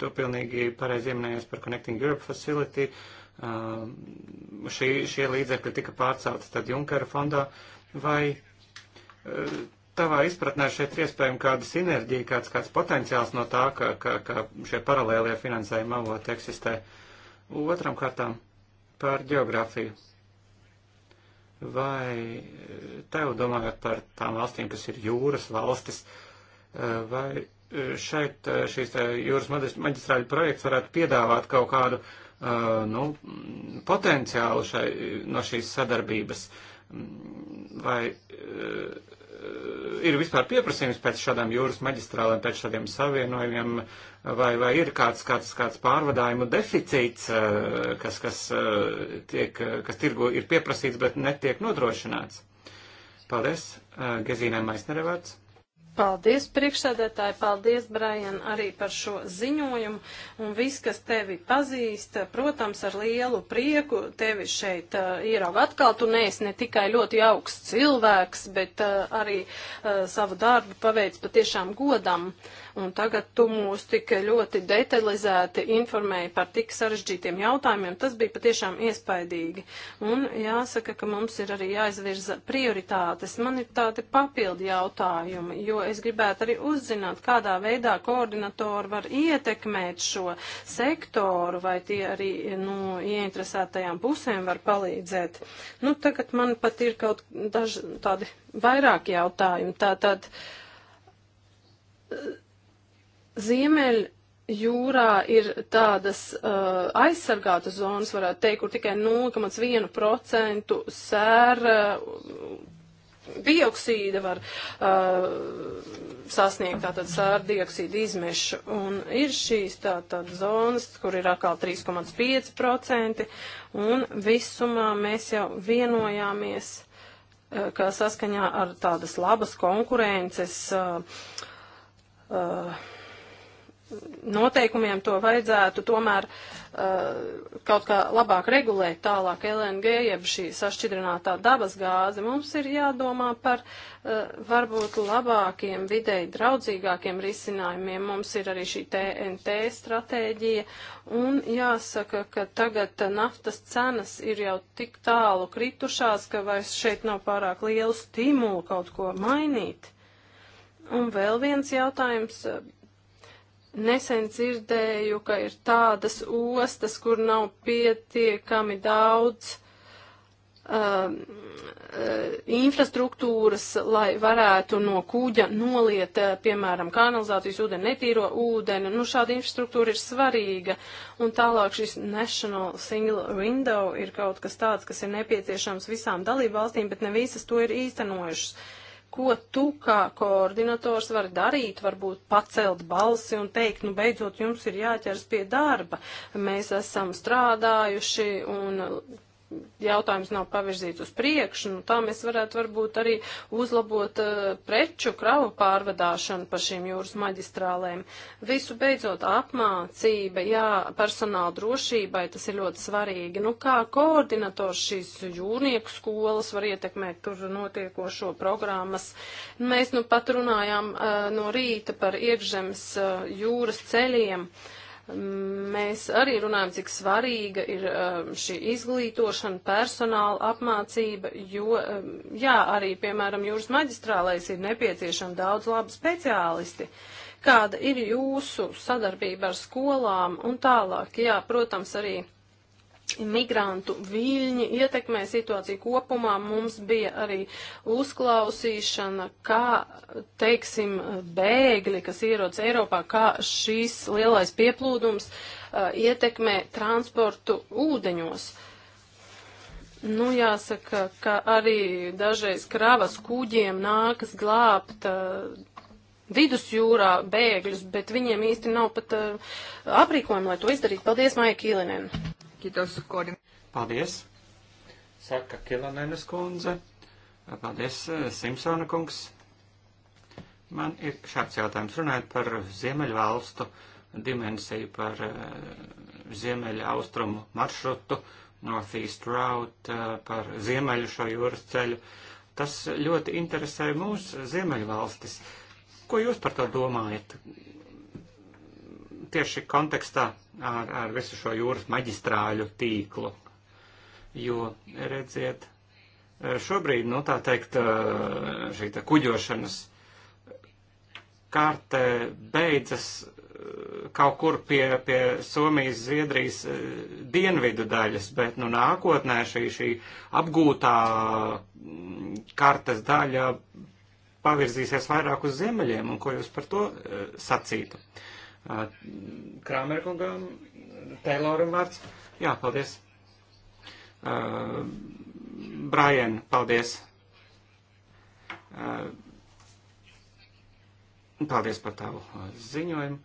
Speaker 4: tu pilnīgi pareizi ieminējies par Connecting Europe Facility. Šī, šie līdzekļi tika pārcelti tad Junkera fondā. Vai tavā izpratnē šeit ir iespējama kāda sinerģija, kāds, kāds potenciāls no tā, ka, ka, ka šie paralēlie finansējuma avoti eksistē? Otram kārtām par geogrāfiju vai eh, tev domājot par tām valstīm, kas ir jūras valstis, eh, vai eh, šeit šīs jūras maģistrāļu projekts varētu piedāvāt kaut kādu nu, potenciālu šai, no šīs sadarbības, mm, vai Eh, ir vispār pieprasījums pēc šādām jūras maģistrālēm, pēc šādiem savienojumiem, vai, vai ir kāds, kāds, kāds pārvadājumu deficīts, eh, kas, kas, eh, tiek, kas tirgu ir pieprasīts, bet netiek nodrošināts? Paldies, Gezīnai
Speaker 2: Maisnerevārds. Paldies, priekšsēdētāji, paldies, Brian, arī par šo ziņojumu. Un viss, kas tevi pazīst, protams, ar lielu prieku tevi šeit uh, ieraug atkal. Tu neesi ne tikai ļoti augsts cilvēks, bet uh, arī uh, savu darbu paveic patiešām godam. Uh, un tagad tu mūs tik ļoti detalizēti informēji par tik sarežģītiem jautājumiem. Tas bija patiešām iespaidīgi. Un jāsaka, ka mums ir arī jāizvirza prioritātes. Man ir tādi papildi jautājumi, jo es gribētu arī uzzināt, kādā veidā koordinatori var ietekmēt šo sektoru, vai tie arī nu, ieinteresētajām pusēm var palīdzēt. Nu, tagad man pat ir kaut daži tādi vairāk jautājumi. Tātad, Ziemeļ jūrā ir tādas uh, aizsargātas zonas, varētu teikt, kur tikai 0,1% sēra uh, dioksīda var uh, sasniegt tātad sēra dioksīda izmešu. Un ir šīs tātad zonas, kur ir atkal 3,5% un visumā mēs jau vienojāmies, uh, ka saskaņā ar tādas labas konkurences uh, uh, noteikumiem to vajadzētu tomēr uh, kaut kā labāk regulēt tālāk LNG, jeb šī sašķidrinātā dabas gāze. Mums ir jādomā par uh, varbūt labākiem, videi draudzīgākiem risinājumiem. Mums ir arī šī TNT stratēģija un jāsaka, ka tagad naftas cenas ir jau tik tālu kritušās, ka vairs šeit nav pārāk liela stimula kaut ko mainīt. Un vēl viens jautājums. Uh, Nesen dzirdēju, ka ir tādas ostas, kur nav pietiekami daudz um, uh, infrastruktūras, lai varētu no kuģa noliet, uh, piemēram, kanalizācijas ūdeni, netīro ūdeni. Nu, šāda infrastruktūra ir svarīga. Un tālāk šis National Single Window ir kaut kas tāds, kas ir nepieciešams visām dalībvalstīm, bet ne visas to ir īstenojušas. Uh, ko tu kā koordinators vari darīt, varbūt pacelt balsi un teikt, nu beidzot jums ir jāķers pie darba. Mēs esam strādājuši un jautājums nav pavirzīts uz priekšu, nu, tā mēs varētu varbūt arī uzlabot uh, preču kravu pārvadāšanu pa šīm jūras maģistrālēm. Visu beidzot apmācība, jā, personāla drošībai tas ir ļoti svarīgi. Nu, kā koordinators šīs jūrnieku skolas var ietekmēt tur notiekošo programmas? Mēs nu pat runājām uh, no rīta par iekšzemes uh, jūras ceļiem. Uh, Mēs arī runājam, cik svarīga ir um, šī izglītošana, personāla apmācība, jo, um, jā, arī, piemēram, jūras maģistrālais ir nepieciešama daudz labu speciālisti. Kāda ir jūsu sadarbība ar skolām un tālāk? Jā, protams, arī migrantu viļņi ietekmē situāciju kopumā. Mums bija arī uzklausīšana, kā, teiksim, bēgļi, kas ierodas Eiropā, kā šīs lielais pieplūdums uh, ietekmē transportu ūdeņos. Nu, jāsaka, ka arī dažreiz kravas kuģiem nākas glābt uh, vidusjūrā bēgļus, bet viņiem īsti nav pat uh, aprīkojumi, lai to izdarītu. Paldies, Maija Kīlinēna! Kitos koordin.
Speaker 4: Paldies. Saka Kilanenes kundze. Paldies, eh, Simpsona kungs. Man ir šāds jautājums. Runājot par Ziemeļvalstu dimensiju, par eh, Ziemeļa austrumu maršrutu, Northeast Route, eh, par Ziemeļu šo jūras ceļu. Tas ļoti interesē mūs Ziemeļvalstis. Ko jūs par to domājat? tieši kontekstā ar, ar visu šo jūras maģistrāļu tīklu. Jo, redziet, šobrīd, nu tā teikt, šī te kuģošanas kārte beidzas kaut kur pie, pie Somijas, Zviedrijas dienvidu daļas, bet nu, nākotnē šī, šī apgūtā kartes daļa pavirzīsies vairāk uz ziemeļiem, un ko jūs par to sacītu? Uh, Krāmerkungam, Tayloram vārds. Jā, paldies. Uh, Brian, paldies. Uh, paldies par tavu ziņojumu.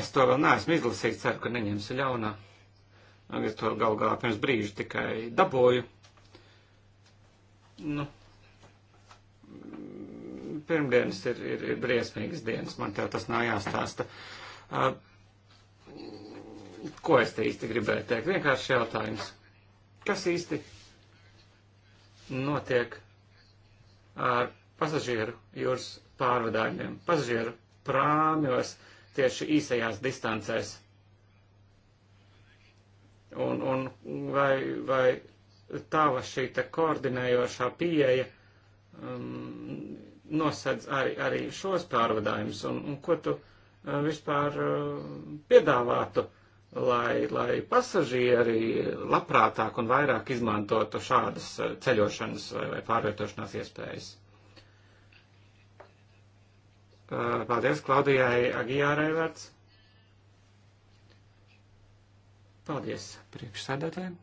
Speaker 4: Es to vēl neesmu izlasījis, ceru, ka neņemsi ļaunā. Es to galu galā pirms brīža tikai dabūju. Nu, pirmdienas ir, ir, ir briesmīgas dienas, man tev tas nav jāstāsta. Uh, Ko es te īsti gribēju teikt? Vienkārši jautājums. Kas īsti notiek ar pasažieru jūras pārvadājumiem, pasažieru prāmjos tieši īsajās distancēs? Un, un vai, vai tava šī te koordinējošā pieeja um, nosedz arī, arī šos pārvadājumus, un, un ko tu Eh, vispār eh, piedāvātu, lai, lai pasažieri labprātāk un vairāk izmantotu šādas eh, ceļošanas vai, vai pārvietošanās iespējas. Paldies Klaudijai Agijārai vārds. Paldies priekšsēdētājiem.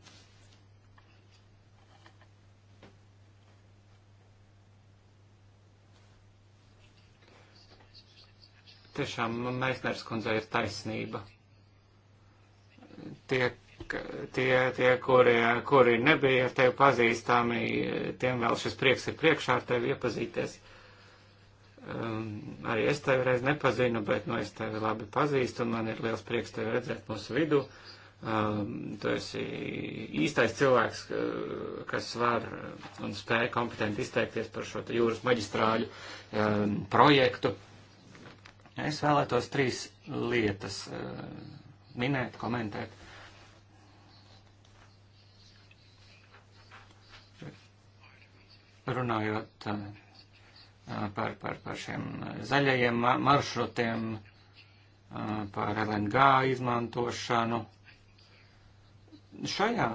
Speaker 4: Tiešām Meisners kundze ir taisnība. Tie, tie, tie kuri, kuri nebija ar tevi pazīstami, tiem vēl šis prieks ir priekšā ar tevi iepazīties. Um, arī es tevi reiz nepazinu, bet nu, es tevi labi pazīstu un man ir liels prieks tevi redzēt mūsu vidū. Um, tu esi īstais cilvēks, kas var un spēja kompetenti izteikties par šo jūras maģistrāļu um, projektu. Es vēlētos trīs lietas e, minēt, komentēt. Runājot e, par, par, par šiem zaļajiem maršrutiem, e, par LNG izmantošanu. Šajā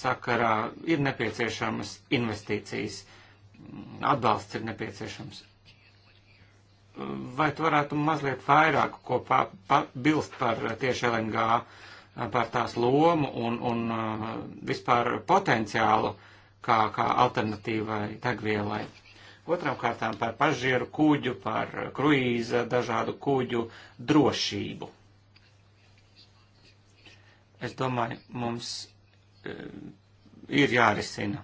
Speaker 4: sakarā ir nepieciešamas investīcijas, atbalsts ir nepieciešams vai tu varētu mazliet vairāk ko pa, pa, bilst par tieši LNG, par tās lomu un, un uh, vispār potenciālu kā, kā alternatīvai degvielai? Otram kārtām par pažieru kuģu, par kruīza, dažādu kuģu drošību. Es domāju, mums e, ir jārisina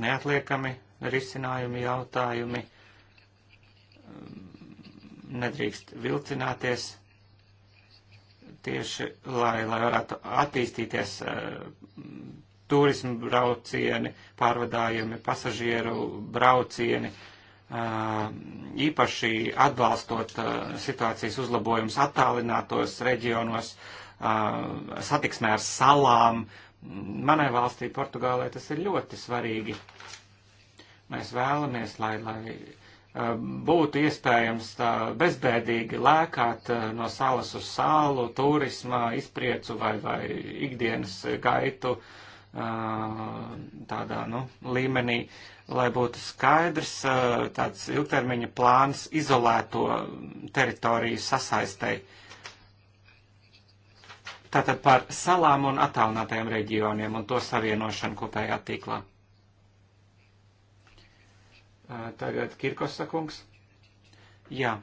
Speaker 4: neatliekami risinājumi, jautājumi nedrīkst vilcināties tieši, lai, lai varētu attīstīties eh, turismu braucieni, pārvadājumi, pasažieru braucieni, eh, īpaši atbalstot eh, situācijas uzlabojumus attālinātos reģionos, satiksmē ar salām. Manai valstī, Portugālē, tas ir ļoti svarīgi. Mēs vēlamies, lai, lai būtu iespējams tā bezbēdīgi lēkāt eh, no salas uz salu, turismā, izpriecu vai, vai ikdienas gaitu eh, tādā nu, līmenī, lai būtu skaidrs eh, tāds ilgtermiņa plāns izolēto teritoriju sasaistei. Tātad par salām un attālinātajiem reģioniem un to savienošanu kopējā tīklā. Tagad Kirkosa kungs. Jā,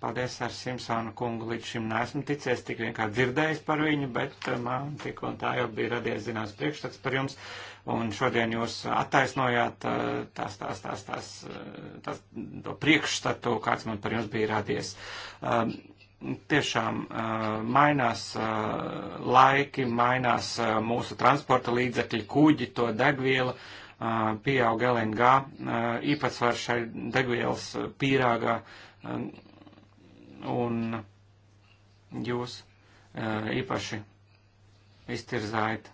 Speaker 4: paldies ar Simpsonu kungu. Līdz šim neesmu ticies, tik vienkārši dzirdējis par viņu, bet eh, man tik un tā jau bija radies zināms priekšstats par jums. Un šodien jūs attaisnojāt eh, tās, tās, tās, tās, eh, tās to priekšstatu, kāds man par jums bija radies. Um, tiešām uh, mainās uh, laiki, mainās uh, mūsu transporta līdzekļi, kuģi, to degviela. Uh, pieaug LNG īpatsvars šai degvielas pīrāgā un jūs īpaši iztirzājat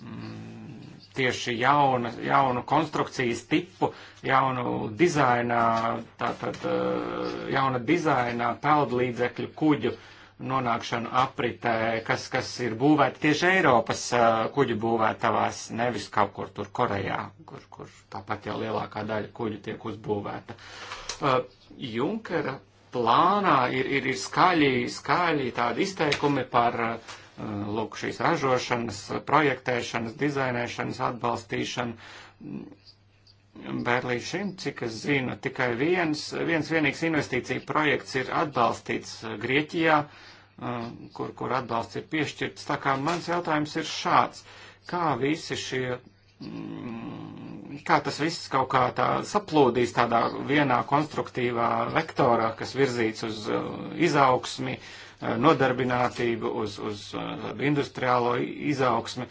Speaker 4: mm, tieši jauna, jaunu konstrukcijas tipu, jaunu dizainā, tātad jauna dizainā peldlīdzekļu kuģu uh, nonākšanu apritē, kas, kas ir būvēta tieši Eiropas kuģu būvētavās, nevis kaut kur tur Korejā, kur, kur tāpat jau lielākā daļa kuģu tiek uzbūvēta. Junkera plānā ir, ir, ir skaļi, skaļi tādi izteikumi par lūk, šīs ražošanas, projektēšanas, dizainēšanas atbalstīšanu. Bet līdz šim, cik es zinu, tikai viens, viens vienīgs investīcija projekts ir atbalstīts Grieķijā. Uh, Um, kur, kur atbalsts ir piešķirts. Tā kā mans jautājums ir šāds. Kā visi šie, mm, kā tas viss kaut kā tā saplūdīs tādā vienā konstruktīvā vektorā, kas virzīts uz uh, izaugsmi, uh, nodarbinātību, uz, uz uh, industriālo izaugsmi?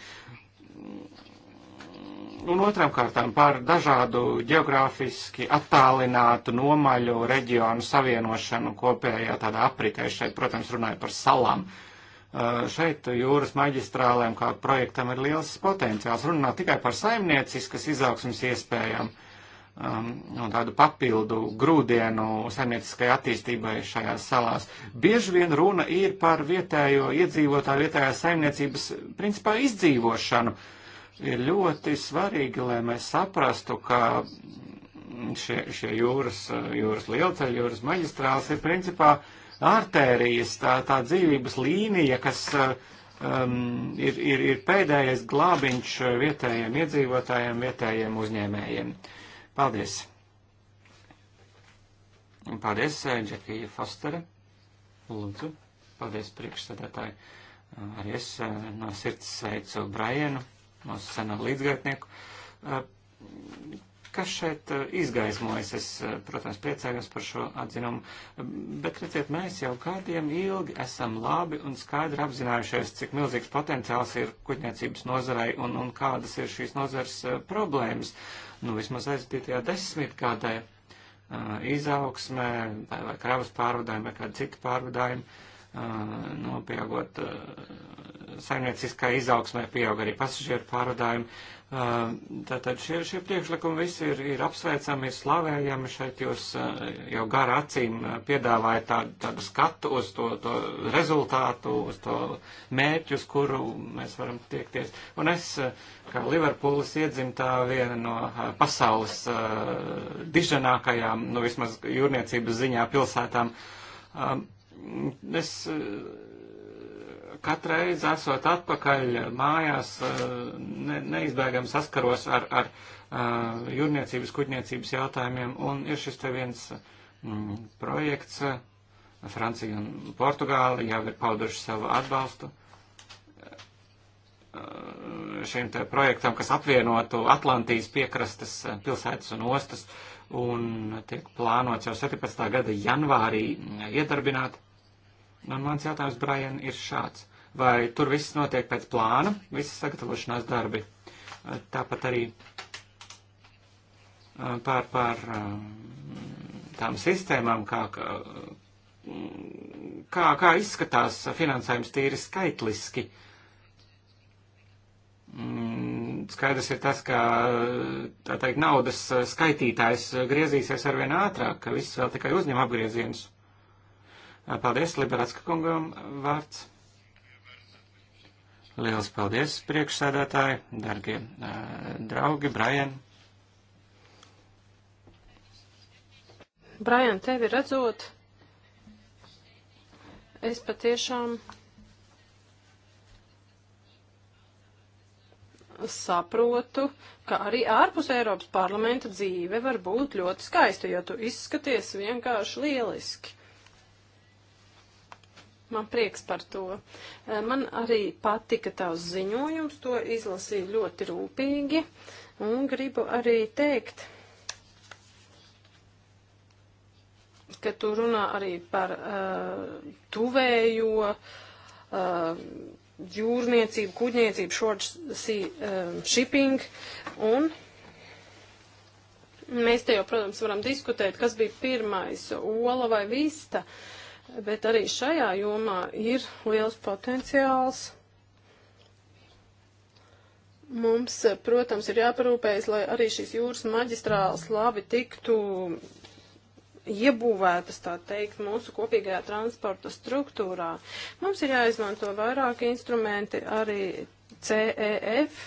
Speaker 4: Un otrām kārtām par dažādu geogrāfiski attālinātu nomaļu reģionu savienošanu kopējā tādā apritē. Šeit, protams, runāju par salām. Uh, šeit jūras maģistrālēm kā projektam ir liels potenciāls. Runā tikai par saimnieciskas izaugsmas iespējām um, un tādu papildu grūdienu saimnieciskai attīstībai šajās salās. Bieži vien runa ir par vietējo iedzīvotāju, vietējās saimniecības principā izdzīvošanu. Uh, Ir ļoti svarīgi, lai mēs saprastu, ka šie, šie jūras, jūras lielceļi, jūras maģistrāls ir principā artērijas, tā, tā dzīvības līnija, kas um, ir, ir, ir pēdējais glābiņš vietējiem iedzīvotājiem, vietējiem uzņēmējiem. Paldies! Paldies, Džekija Fostere. Lūdzu, paldies priekšsēdētāji. Arī es uh, no sirds sveicu Brajenu mūsu seno līdzgaitnieku, eh, kas šeit eh, izgaismojas. Es, eh, protams, priecājos par šo atzinumu, bet, redziet, mēs jau kādiem ilgi esam labi un skaidri apzinājušies, cik milzīgs potenciāls ir kuģniecības nozarei un, un kādas ir šīs nozars problēmas. Nu, vismaz aizpītajā desmitgadē izaugsmē vai, vai kravas pārvadājumi vai kādi citi pārvadājumi, nopiegot saimnieciskā izaugsmē pieaug arī pasažieru pārādājumi. Tātad šie, šie priekšlikumi visi ir, ir apsveicami, ir slavējami. Šeit jūs jau gara acīm piedāvājat tādu, tādu skatu uz to, to rezultātu, uz to mērķu, uz kuru mēs varam tiekties. Un es, kā Liverpūlis iedzimtā viena no pasaules diženākajām, nu vismaz jūrniecības ziņā pilsētām, es katreiz esot atpakaļ mājās, eh, ne, neizbēgam saskaros ar, ar eh, jūrniecības, kuģniecības jautājumiem, un ir šis te viens mm, projekts, eh, Francija un Portugāla jau ir pauduši savu atbalstu šim te projektam, kas apvienotu Atlantijas piekrastes pilsētas un ostas, un tiek plānots jau 17. gada janvārī mm, iedarbināt Un mans jautājums, Brian, ir šāds. Vai tur viss notiek pēc plāna, visi sagatavošanās darbi? Eh, tāpat arī eh, par, par eh, tām sistēmām, kā, kā, kā izskatās finansējums tīri skaitliski. Mm, skaidrs ir tas, ka tā teikt naudas skaitītājs griezīsies arvien ātrāk, ka viss vēl tikai uzņem apgriezienus. Paldies, Liberatska kungam vārds. Liels paldies, priekšsēdētāji, dargie draugi, Brian.
Speaker 2: Brian, tevi redzot, es patiešām saprotu, ka arī ārpus Eiropas parlamenta dzīve var būt ļoti skaista, jo tu izskaties vienkārši lieliski. Man prieks par to. Eh, man arī patika tavs ziņojums, to izlasīju ļoti rūpīgi un gribu arī teikt, ka tu runā arī par uh, tuvējo uh, jūrniecību, kuģniecību, short sea uh, shipping un mēs te jau, protams, varam diskutēt, kas bija pirmais, ola vai vista. Uh, bet arī šajā jomā ir liels potenciāls. Mums, protams, ir jāparūpējas, lai arī šīs jūras maģistrāls labi tiktu iebūvētas, tā teikt, mūsu kopīgajā transporta struktūrā. Mums ir jāizmanto vairāki instrumenti, arī CEF,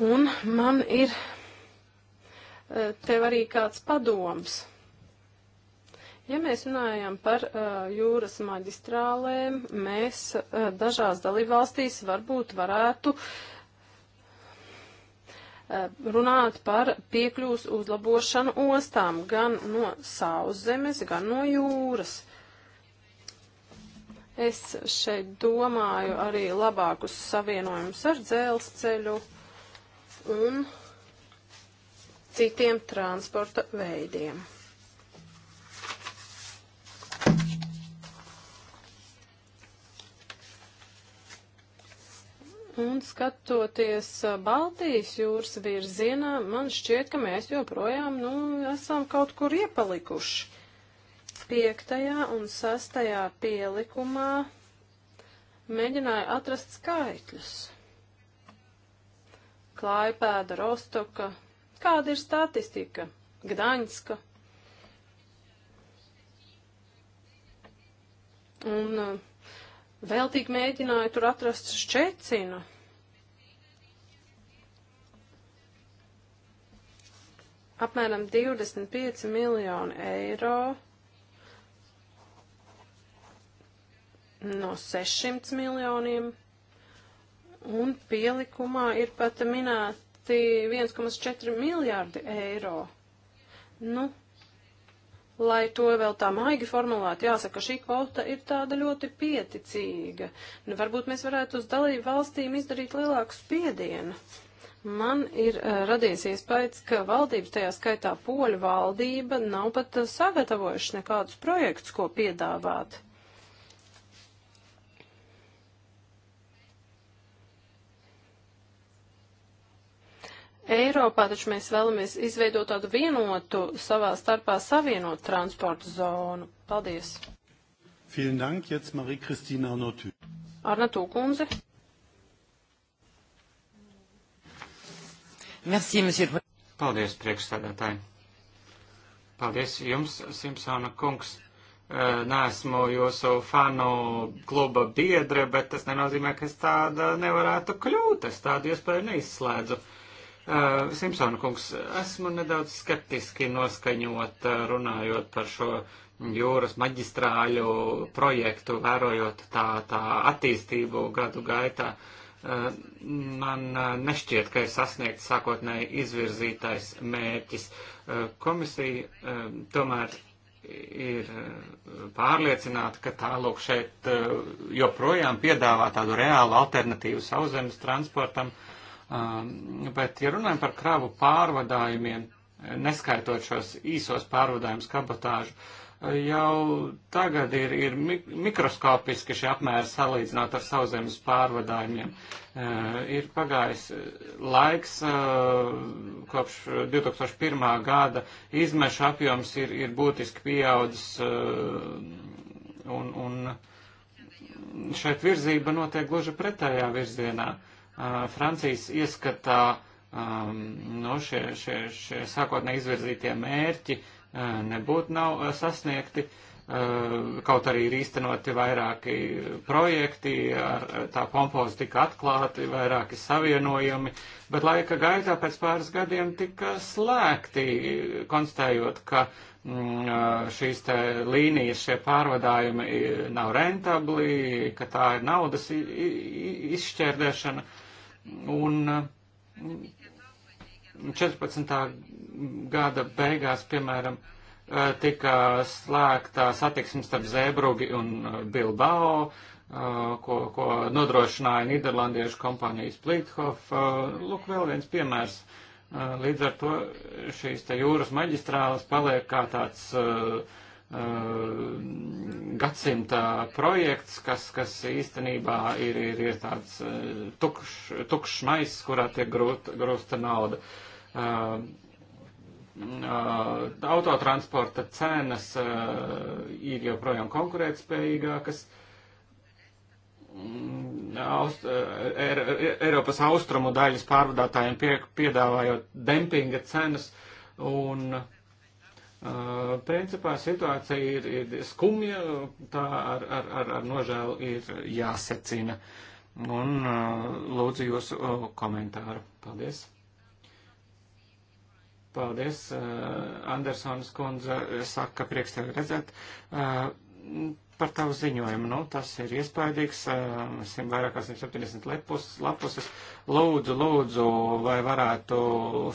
Speaker 2: un man ir eh, tev arī kāds padoms. Ja mēs runājam par uh, jūras maģistrālēm, mēs uh, dažās dalībvalstīs varbūt varētu uh, runāt par piekļūs uzlabošanu ostām gan no sauszemes, gan no jūras. Es šeit domāju arī labākus savienojumus ar dzelzceļu un citiem transporta veidiem. Un skatoties Baltijas jūras virzienā, man šķiet, ka mēs joprojām nu, esam kaut kur iepalikuši. Piektajā un sastajā pielikumā mēģināju atrast skaitļus. Klaipēda, Rostoka, kāda ir statistika? Gdaņska. Un uh, Veltīgi mēģināju tur atrast šķecinu. Apmēram 25 miljoni eiro no 600 miljoniem. Un pielikumā ir pat minēti 1,4 miljārdi eiro. Nu, lai to vēl tā maigi formulētu, jāsaka, šī kvota ir tāda ļoti pieticīga. Nu, varbūt mēs varētu uz dalību valstīm izdarīt lielāku spiedienu. Man ir uh, radies iespējas, ka valdības, tajā skaitā poļu valdība, nav pat eh, sagatavojuši nekādus projektus, ko piedāvāt. Eiropā taču mēs vēlamies izveidot tādu vienotu, savā starpā savienot transportu zonu. Paldies!
Speaker 1: Vielen Dank, jetzt Marie-Christina
Speaker 4: Arnotu.
Speaker 2: Arnotu kundze. Merci, monsieur.
Speaker 4: Paldies, priekšsēdētāji. Paldies jums, Simpsona kungs. Nesmu jūsu fanu kluba biedre, bet tas nenozīmē, ka es tāda nevarētu kļūt. Es tādu iespēju neizslēdzu. Uh, Simpsona kungs, esmu nedaudz skeptiski noskaņot, uh, runājot par šo jūras maģistrāļu projektu, vērojot tā, tā attīstību gadu gaitā. Uh, man uh, nešķiet, ka ir sasniegts sākotnēji izvirzītais mērķis. Uh, komisija uh, tomēr ir pārliecināta, ka tālāk šeit joprojām piedāvā tādu reālu alternatīvu sauszemes transportam. Uh, Um, bet, ja runājam par kravu pārvadājumiem, neskaitot šos īsos pārvadājumus kabatāžu, uh, jau tagad ir, ir mikroskopiski šie apmēri salīdzinot ar sauszemes pārvadājumiem. Uh, ir pagājis uh, laiks, kopš 2001. gada izmeša apjoms ir, ir būtiski pieaudzis un, un šeit virzība notiek gluži pretējā virzienā. Uh, Francijas ieskatā um, no nu, šie, šie, šie sākotnēji izvirzītie mērķi uh, nebūtu nav uh, sasniegti, uh, kaut arī ir īstenoti vairāki projekti, tā pompozi tika atklāti, vairāki savienojumi, bet laika gaitā pēc pāris gadiem tika slēgti, konstatējot, ka mm, šīs te līnijas, šie pārvadājumi nav rentabli, ka tā ir naudas izšķērdēšana. Un 14. Mm, gada beigās, piemēram, eh, tika slēgta satiksmes starp Zēbrugi un eh, Bilbao, eh, ko, ko nodrošināja Nīderlandiešu kompānija Splithof. Lūk, vēl viens piemērs. Līdz ar to šīs te jūras maģistrāles paliek kā tāds uh, Ehm, gadsimta projekts, kas, kas īstenībā ir, ir, ir tāds eh, tukšs tukš maiss, kurā tiek grūta, grūsta nauda. Uh, uh, autotransporta cenas uh, ir joprojām konkurētspējīgākas. Mm, Aust, er, Eiropas austrumu daļas pārvadātājiem pie, piedāvājot dempinga cenas un uh, Uh, principā situācija ir, ir skumja, tā ar, ar, ar, ar nožēlu ir jāsecina. Un uh, lūdzu jūsu uh, komentāru. Paldies. Paldies, uh, Andersons kundze saka, prieks tevi redzēt. Uh, par tavu ziņojumu. Nu, tas ir iespaidīgs. Mēs esam vairāk kā 170 lapus, lapuses. Lūdzu, lūdzu, vai varētu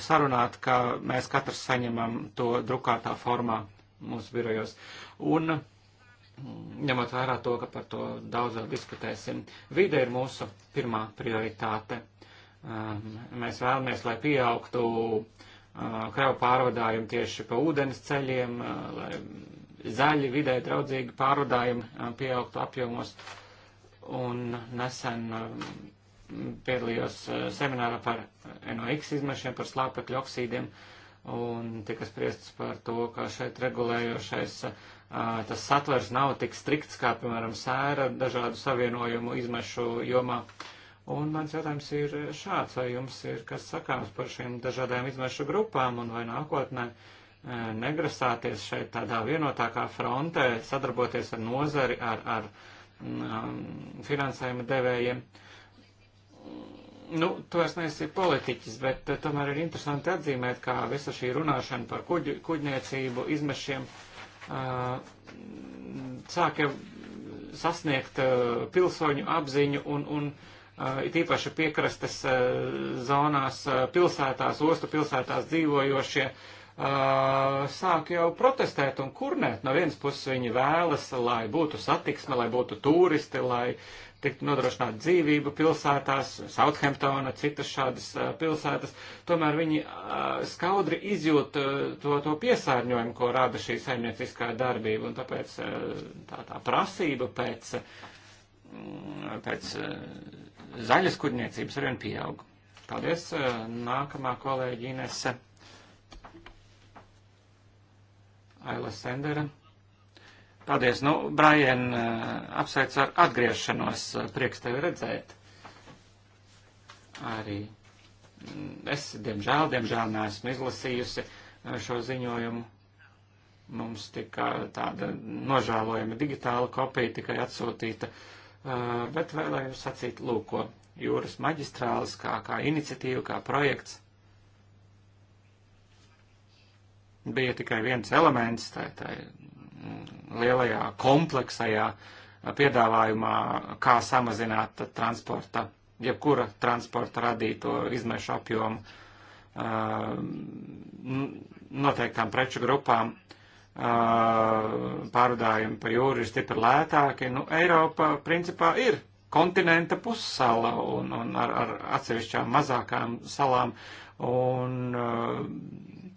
Speaker 4: sarunāt, ka mēs katrs saņemam to drukātā formā mūsu birojos. Un ņemot vērā to, ka par to daudz vēl diskutēsim, vide ir mūsu pirmā prioritāte. Mēs vēlamies, lai pieaugtu kravu pārvadājumi tieši pa ūdens ceļiem, lai zaļi, vidē draudzīgi pārvadājumi pieaugtu apjomos. Un nesen piedalījos seminārā par NOx izmešiem, par slāpekļu oksīdiem, un tika spriests par to, ka šeit regulējošais tas satvers nav tik strikts kā, piemēram, sēra dažādu savienojumu izmešu jomā. Un mans jautājums ir šāds, vai jums ir kas sakāms par šiem dažādajām izmešu grupām un vai nākotnē? Uh, E, negrasāties šeit tādā vienotākā frontē, sadarboties ar nozari, ar, ar mm, um, finansējuma devējiem. Nu, tu vairs neesi politiķis, bet e, tomēr ir interesanti atzīmēt, kā visa šī runāšana par kuģu, kuģniecību, izmešiem uh, sāk jau sasniegt uh, pilsoņu apziņu un, un uh, it īpaši piekrastes uh, zonās, uh, pilsētās, ostu pilsētās dzīvojošie uh, sāk jau protestēt un kurnēt. No vienas puses viņi vēlas, lai būtu satiksme, lai būtu turisti, lai tiktu nodrošināta dzīvība pilsētās, Southamptona, citas šādas pilsētas. Tomēr viņi skaudri izjūt to, to piesārņojumu, ko rada šī saimnieciskā darbība, un tāpēc tā, tā prasība pēc, pēc zaļas kurniecības arvien pieaug. Paldies, nākamā kolēģi Inese. Aila Sendera. Paldies. Nu, Brian, eh, apsveicu ar atgriešanos. Eh, prieks tevi redzēt. Arī mm, es, diemžēl, diemžēl neesmu izlasījusi eh, šo ziņojumu. Mums tika tāda nožēlojama digitāla kopija tikai atsūtīta, bet vēlējos sacīt, lūko, jūras maģistrāles kā, kā iniciatīva, kā projekts bija tikai viens elements tajā, tajā mm, lielajā kompleksajā piedāvājumā, kā samazināt transporta, jebkura transporta radīto izmešu apjomu uh, noteiktām preču grupām uh, pārvadājumi pa jūru ir stipri lētāki. Nu, Eiropa principā ir kontinenta pussala un, un ar, ar atsevišķām mazākām salām. Un, uh,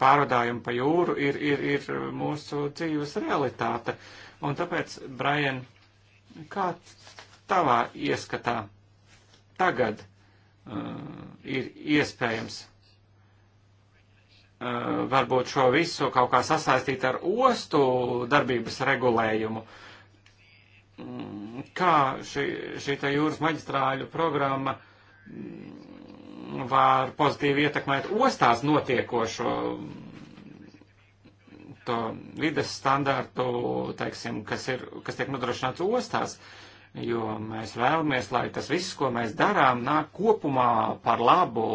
Speaker 4: pārvadājumi pa jūru ir, ir, ir mūsu dzīves realitāte. Un tāpēc, Brian, kā tavā ieskatā tagad uh, ir iespējams uh, varbūt šo visu kaut kā sasaistīt ar ostu darbības regulējumu? Mm, kā šī, šī jūras maģistrāļu programma mm, var pozitīvi ietekmēt ostās notiekošo to vides standārtu, teiksim, kas, ir, kas tiek nodrošināts ostās, jo mēs vēlamies, lai tas viss, ko mēs darām, nāk kopumā par labu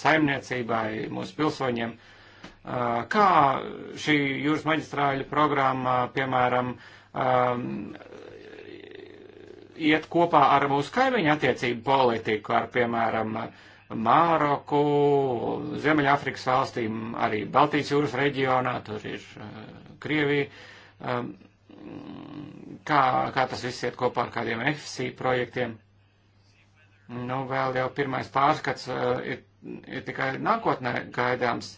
Speaker 4: saimniecībai, mūsu pilsoņiem. Kā šī jūras maģistrāļa programma, piemēram, iet kopā ar mūsu kaimiņu attiecību politiku, ar, piemēram, Māroku, Ziemeļāfrikas valstīm, arī Baltijas jūras reģionā, tur ir eh, Krievija. Um, kā, kā tas viss iet kopā ar kādiem FC projektiem? Nu, vēl jau pirmais pārskats eh, ir, ir tikai nākotnē gaidāms.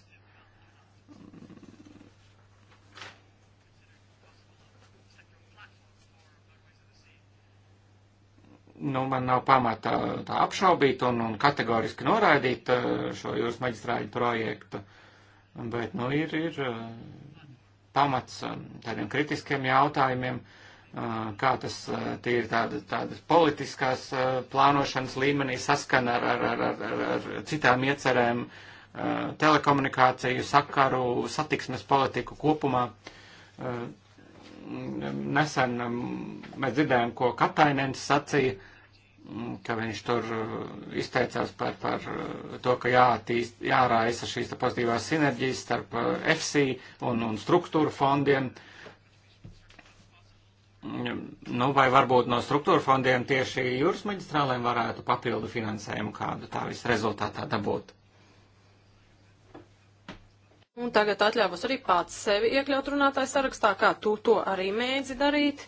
Speaker 4: nu, man nav pamata tā apšaubīt un, un kategoriski noraidīt eh, šo jūsu maģistrāļu projektu, bet, nu, ir, ir eh, pamats eh, tādiem kritiskiem jautājumiem, kā tas tīri tāda, tādas politiskās plānošanas līmenī saskan ar, ar, ar, ar, ar citām iecerēm, telekomunikāciju, sakaru, satiksmes politiku kopumā. Uh, nesen um, mēs dzirdējām, ko Katainens sacīja, um, ka viņš tur uh, izteicās par, par uh, to, ka jātīst, jārāisa šīs pozitīvās sinerģijas starp uh, FC un, un struktūra fondiem. Um, nu, vai varbūt no struktūra fondiem tieši jūras maģistrālēm varētu papildu finansējumu kādu tā visu rezultātā dabūt?
Speaker 2: Un tagad atļāvos arī pats sevi iekļaut runātāju sarakstā, kā tu to arī mēdzi darīt.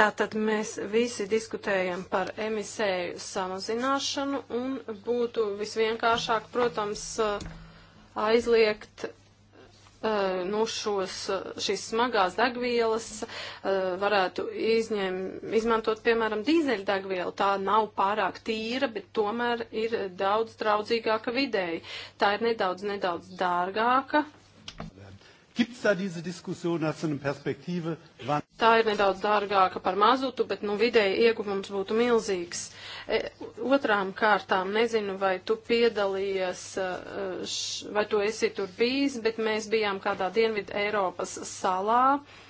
Speaker 2: Tātad mēs visi diskutējam par emisēju samazināšanu un būtu visvienkāršāk, protams, aizliegt Eh, nu, šos, eh, šīs smagās degvielas eh, varētu izņem, izmantot, piemēram, dīzeļdegvielu. Tā nav pārāk tīra, bet tomēr ir daudz draudzīgāka videi. Tā ir nedaudz, nedaudz dārgāka.
Speaker 1: Gibt es da diese Diskussion, hast du eine Perspektive, wann
Speaker 2: Tā ir nedaudz dārgāka par mazutu, bet nu, vidēji ieguvums būtu milzīgs. E, otrām kārtām nezinu, vai tu piedalījies, e, š, vai tu esi tur bijis, bet mēs bijām kādā Dienvidu Eiropas salā. Uh,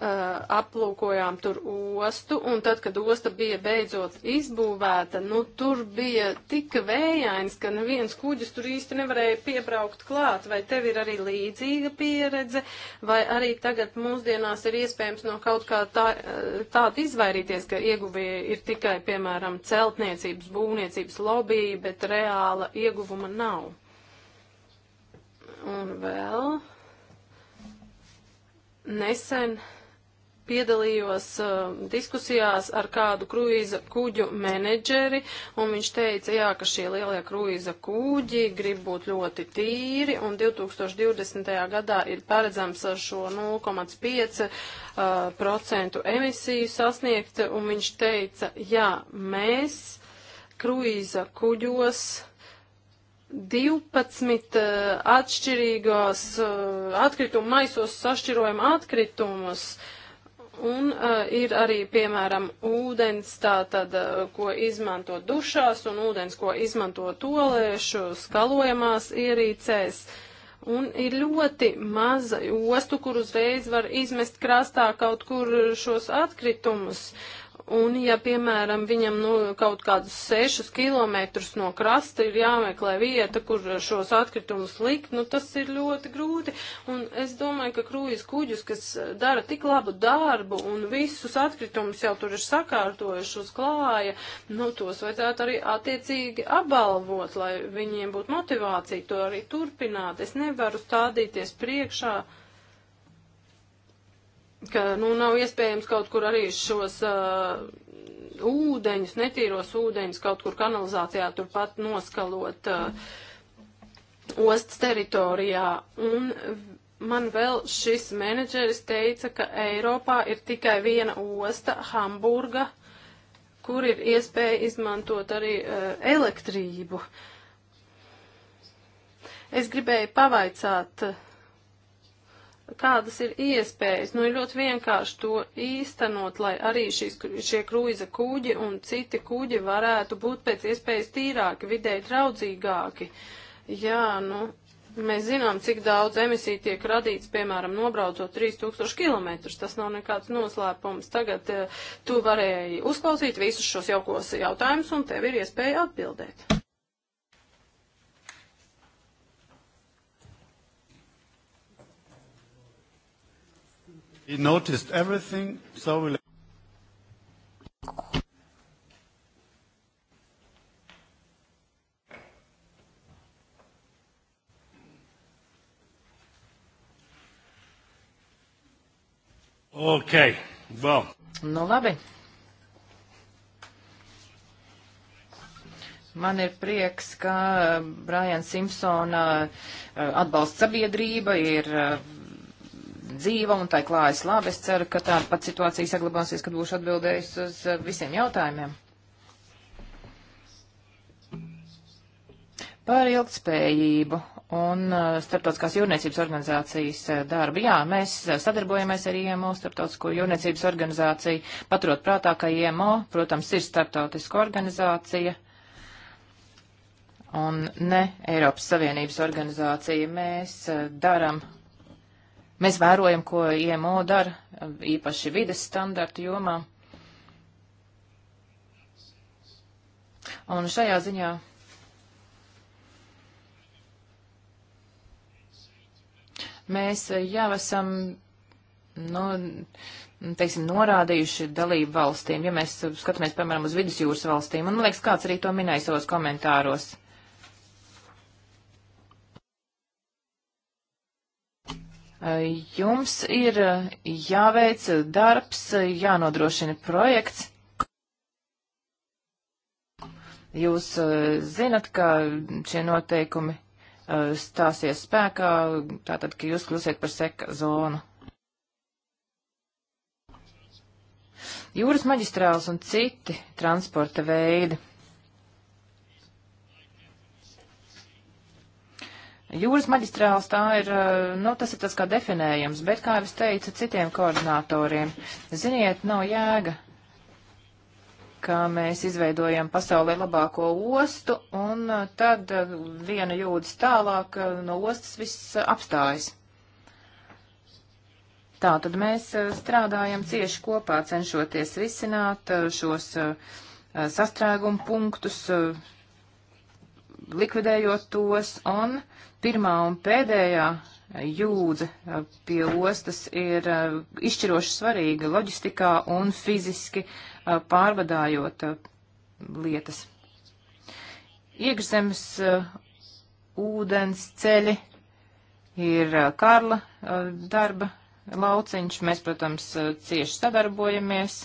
Speaker 2: Eh, aplūkojām tur ostu, un tad, kad osta bija beidzot izbūvēta, nu tur bija tik vējains, ka neviens kuģis tur īsti nevarēja piebraukt klāt. Vai tev ir arī līdzīga pieredze, vai arī tagad mūsdienās ir iespējams no kaut kā tā, eh, tāda izvairīties, ka ieguvēja ir tikai, piemēram, celtniecības, būvniecības lobby, bet reāla ieguvuma nav. Un vēl nesen piedalījos uh, diskusijās ar kādu kruīza kuģu menedžeri, un viņš teica, jā, ka šie lielie kruīza kuģi grib būt ļoti tīri, un 2020. gadā ir paredzams ar šo 0,5% uh, emisiju sasniegt, un viņš teica, jā, mēs kruīza kuģos 12 uh, atšķirīgās uh, atkritumu maisos sašķirojam atkritumus. Uh, Un uh, ir arī, piemēram, ūdens, tātad, uh, ko izmanto dušās, un ūdens, ko izmanto tolēšu, skalojamās ierīcēs. Un ir ļoti maza ostu, kur uzreiz var izmest krastā kaut kur šos atkritumus. Uh, Un, ja, piemēram, viņam nu, kaut kādus sešus kilometrus no krasta ir jāmeklē vieta, kur šos atkritumus likt, nu, tas ir ļoti grūti. Un es domāju, ka krūjas kuģus, kas dara tik labu darbu un visus atkritumus jau tur ir sakārtojuši uz klāja, nu, tos vajadzētu arī attiecīgi apbalvot, lai viņiem būtu motivācija to arī turpināt. Es nevaru stādīties priekšā. Uh, ka nu, nav iespējams kaut kur arī šos uh, ūdeņus, netīros ūdeņus kaut kur kanalizācijā turpat noskalot uh, ostas teritorijā. Un man vēl šis menedžeris teica, ka Eiropā ir tikai viena osta, Hamburga, kur ir iespēja izmantot arī uh, elektrību. Es gribēju pavaicāt. Uh, kādas ir iespējas. Nu, ir ļoti vienkārši to īstenot, lai arī šīs, šie kruīza kuģi un citi kuģi varētu būt pēc iespējas tīrāki, vidēji draudzīgāki. Jā, nu, mēs zinām, cik daudz emisiju tiek radīts, piemēram, nobraucot 3000 km. Tas nav nekāds noslēpums. Tagad eh, tu varēji uzklausīt visus šos jaukos jautājumus, un tev ir iespēja atbildēt.
Speaker 1: He noticed everything, so we'll...
Speaker 3: Okay, well. Nu labi. Man ir prieks, ka Brian Simpsona uh, uh, atbalsta sabiedrība ir uh, dzīva un tai klājas labi. Es ceru, ka tāda pat situācija saglabāsies, kad būšu atbildējis uz eh, visiem jautājumiem. Par ilgtspējību un eh, starptautiskās jūrniecības organizācijas eh, darbu. Jā, mēs sadarbojamies ar IMO, starptautisko jūrniecības organizāciju, paturot prātā, ka IMO, protams, ir starptautiska organizācija un ne Eiropas Savienības organizācija. Mēs daram Mēs vērojam, ko IMO dara, īpaši vides standartu jomā. Un šajā ziņā mēs jau esam, nu, teiksim, norādījuši dalību valstīm, ja mēs skatāmies, piemēram, uz vidusjūras valstīm, un, man liekas, kāds arī to minēja savos komentāros. Jums ir eh, jāveic darbs, jānodrošina projekts. Jūs eh, zinat, ka šie noteikumi eh, stāsies spēkā, tātad, ka jūs kļūsiet par seka zonu. Jūras maģistrāls un citi transporta veidi. Jūras maģistrāls tā ir, eh, nu, tas ir tas kā definējums, bet, kā jau es teicu citiem koordinatoriem, ziniet, nav jēga, ka mēs izveidojam pasaulē labāko ostu, un eh, tad eh, viena jūdas tālāk no ostas viss apstājas. Tā tad mēs strādājam cieši kopā, cenšoties risināt šos sastrēgumu punktus, likvidējot tos, un uh, Pirmā un pēdējā jūdze eh, pie ostas ir eh, izšķiroši svarīga loģistikā un fiziski eh, pārvadājot lietas. Iekšzemes ūdens ceļi ir Karla darba lauciņš. Mēs, protams, cieši sadarbojamies,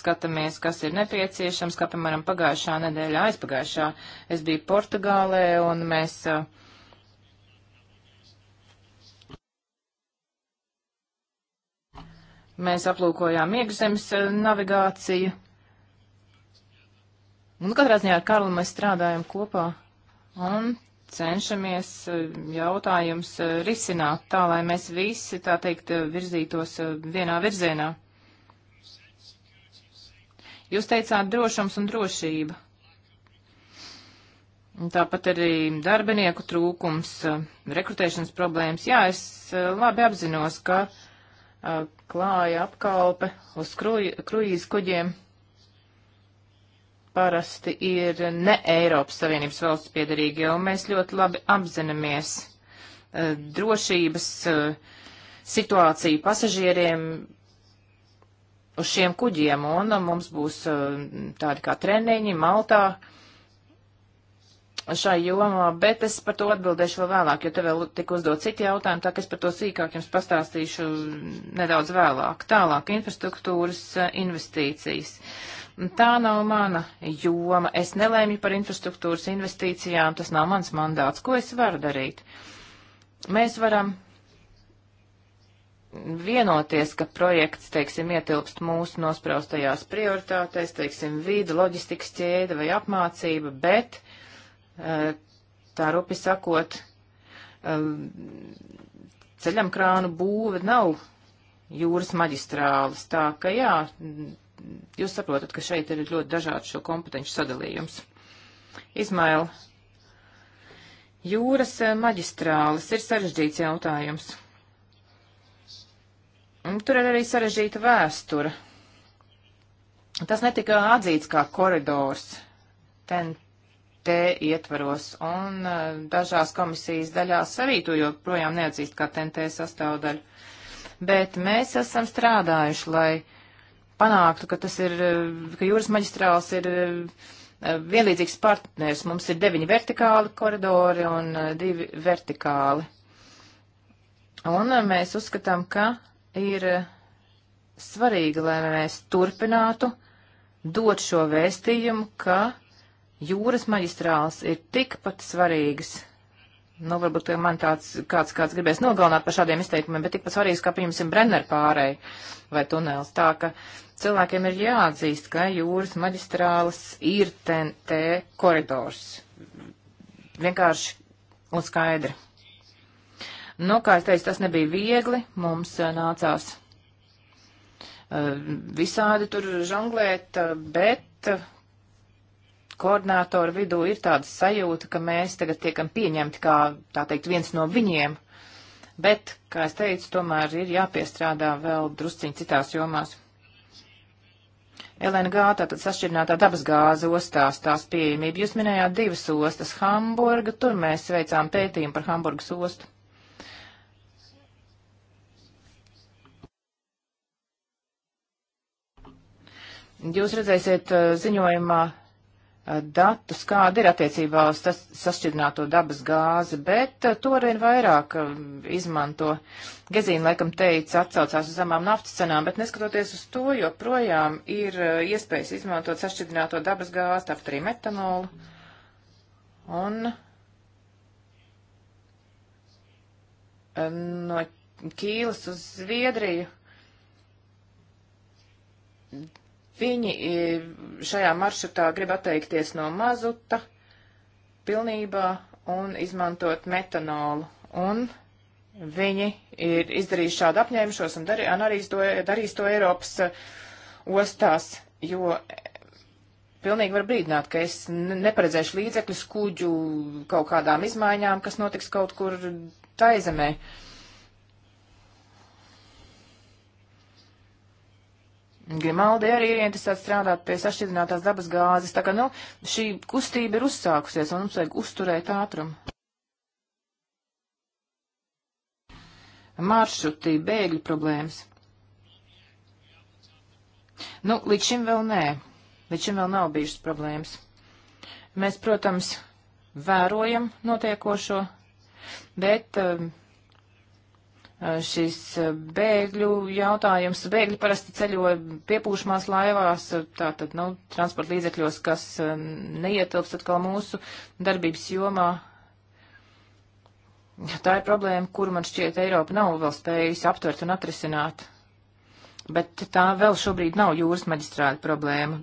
Speaker 3: skatāmies, kas ir nepieciešams, kā, piemēram, pagājušā nedēļā, aizpagājušā es biju Portugālē, un mēs uh, Mēs aplūkojām iekšzemes eh, navigāciju. Un katrā ziņā ar Karlu mēs strādājam kopā un cenšamies eh, jautājums eh, risināt tā, lai mēs visi, tā teikt, virzītos vienā virzienā. Jūs teicāt drošums un drošība. Tāpat arī darbinieku trūkums, rekrutēšanas problēmas. Jā, es labi apzinos, ka uh, klāja apkalpe uz kruīz kuģiem parasti ir ne Eiropas Savienības valsts piedarīgi, jo mēs ļoti labi apzināmies uh, drošības uh, situāciju pasažieriem uz šiem kuģiem, un uh, mums būs tādi kā treniņi Maltā, šai jomā, bet es par to atbildēšu vēl vēlāk, jo te vēl tika uzdot citi jautājumi, tā ka es par to sīkāk jums pastāstīšu nedaudz vēlāk. Tālāk, infrastruktūras eh, investīcijas. Tā nav mana joma. Es nelēmu par infrastruktūras investīcijām, tas nav mans mandāts. Ko es varu darīt? Mēs varam vienoties, ka projekts, teiksim, ietilpst mūsu nospraustajās prioritātēs, teiksim, vīda, loģistikas ķēde vai apmācība, bet uh, tā rupi sakot, um, ceļam krānu būve nav jūras maģistrāles. Tā ka jā, jūs saprotat, ka šeit ir ļoti dažādi šo kompetenci sadalījums. Izmaila, jūras eh, maģistrāles ir sarežģīts jautājums. Un tur ir arī sarežģīta vēstura. Tas netika atzīts kā koridors. Ten T ietvaros, un uh, dažās komisijas daļās arī to joprojām neatzīst kā TNT sastāvdaļu. Bet mēs esam strādājuši, lai panāktu, ka tas ir, uh, ka jūras maģistrāls ir uh, vienlīdzīgs partners. Mums ir deviņi vertikāli koridori un divi vertikāli. Un mēs uzskatām, ka ir svarīgi, lai mēs turpinātu dot šo vēstījumu, ka jūras maģistrāls ir tikpat svarīgas. Nu, varbūt man tāds, kāds, kāds gribēs nogalināt par šādiem izteikumiem, bet tikpat svarīgs, kā, pieņemsim, Brenner pārēj vai tunels. Tā, ka cilvēkiem ir jāatzīst, ka jūras maģistrāls ir TNT koridors. Vienkārši un skaidri. Nu, kā es teicu, tas nebija viegli. Mums eh, nācās eh, visādi tur žonglēt, eh, bet koordinātoru vidū ir tāda sajūta, ka mēs tagad tiekam pieņemti kā, tā teikt, viens no viņiem. Bet, kā es teicu, tomēr ir jāpiestrādā vēl drusciņi citās jomās. LNG, tātad sašķirinātā dabas gāze ostās tās pieejamība. Jūs minējāt divas ostas - Hamburga, tur mēs veicām pētījumu par Hamburgas ostu. Jūs redzēsiet eh, ziņojumā Eh, datus, kāda ir attiecībā uz tas, sašķidrināto dabas gāzi, bet eh, to arvien vairāk eh, izmanto. Gezīna laikam teica, atcaucās uz zemām naftas cenām, bet neskatoties uz to, joprojām ir iespējas izmantot sašķidrināto dabas gāzi, tāpat arī metanolu. Un no Kīlas uz Zviedriju Viņi e, šajā maršrutā grib atteikties no mazuta pilnībā un izmantot metanolu. Un viņi ir izdarījuši šādu apņēmušos un, darī, un arī to, darīs to Eiropas e, ostās, jo e, pilnīgi var brīdināt, ka es neparedzēšu līdzekļus kuģu kaut kādām izmaiņām, kas notiks kaut kur taizemē. zemē. Grimaldi arī ir interesēts strādāt pie sašķidrinātās dabas gāzes, tā ka, nu, šī kustība ir uzsākusies un mums vajag uzturēt ātrumu. Maršruti, bēgļu problēmas. Nu, līdz šim vēl nē. Līdz šim vēl nav bijušas problēmas. Mēs, protams, vērojam notiekošo, bet um, Eh, šis eh, bēgļu jautājums. Bēgļi parasti ceļo piepūšamās laivās, eh, tātad, nu, transporta līdzekļos, kas neietilpst atkal mūsu darbības jomā. Tā ir problēma, kuru man šķiet Eiropa nav vēl spējusi aptvert un atrisināt. Bet tā vēl šobrīd nav jūras maģistrāta problēma.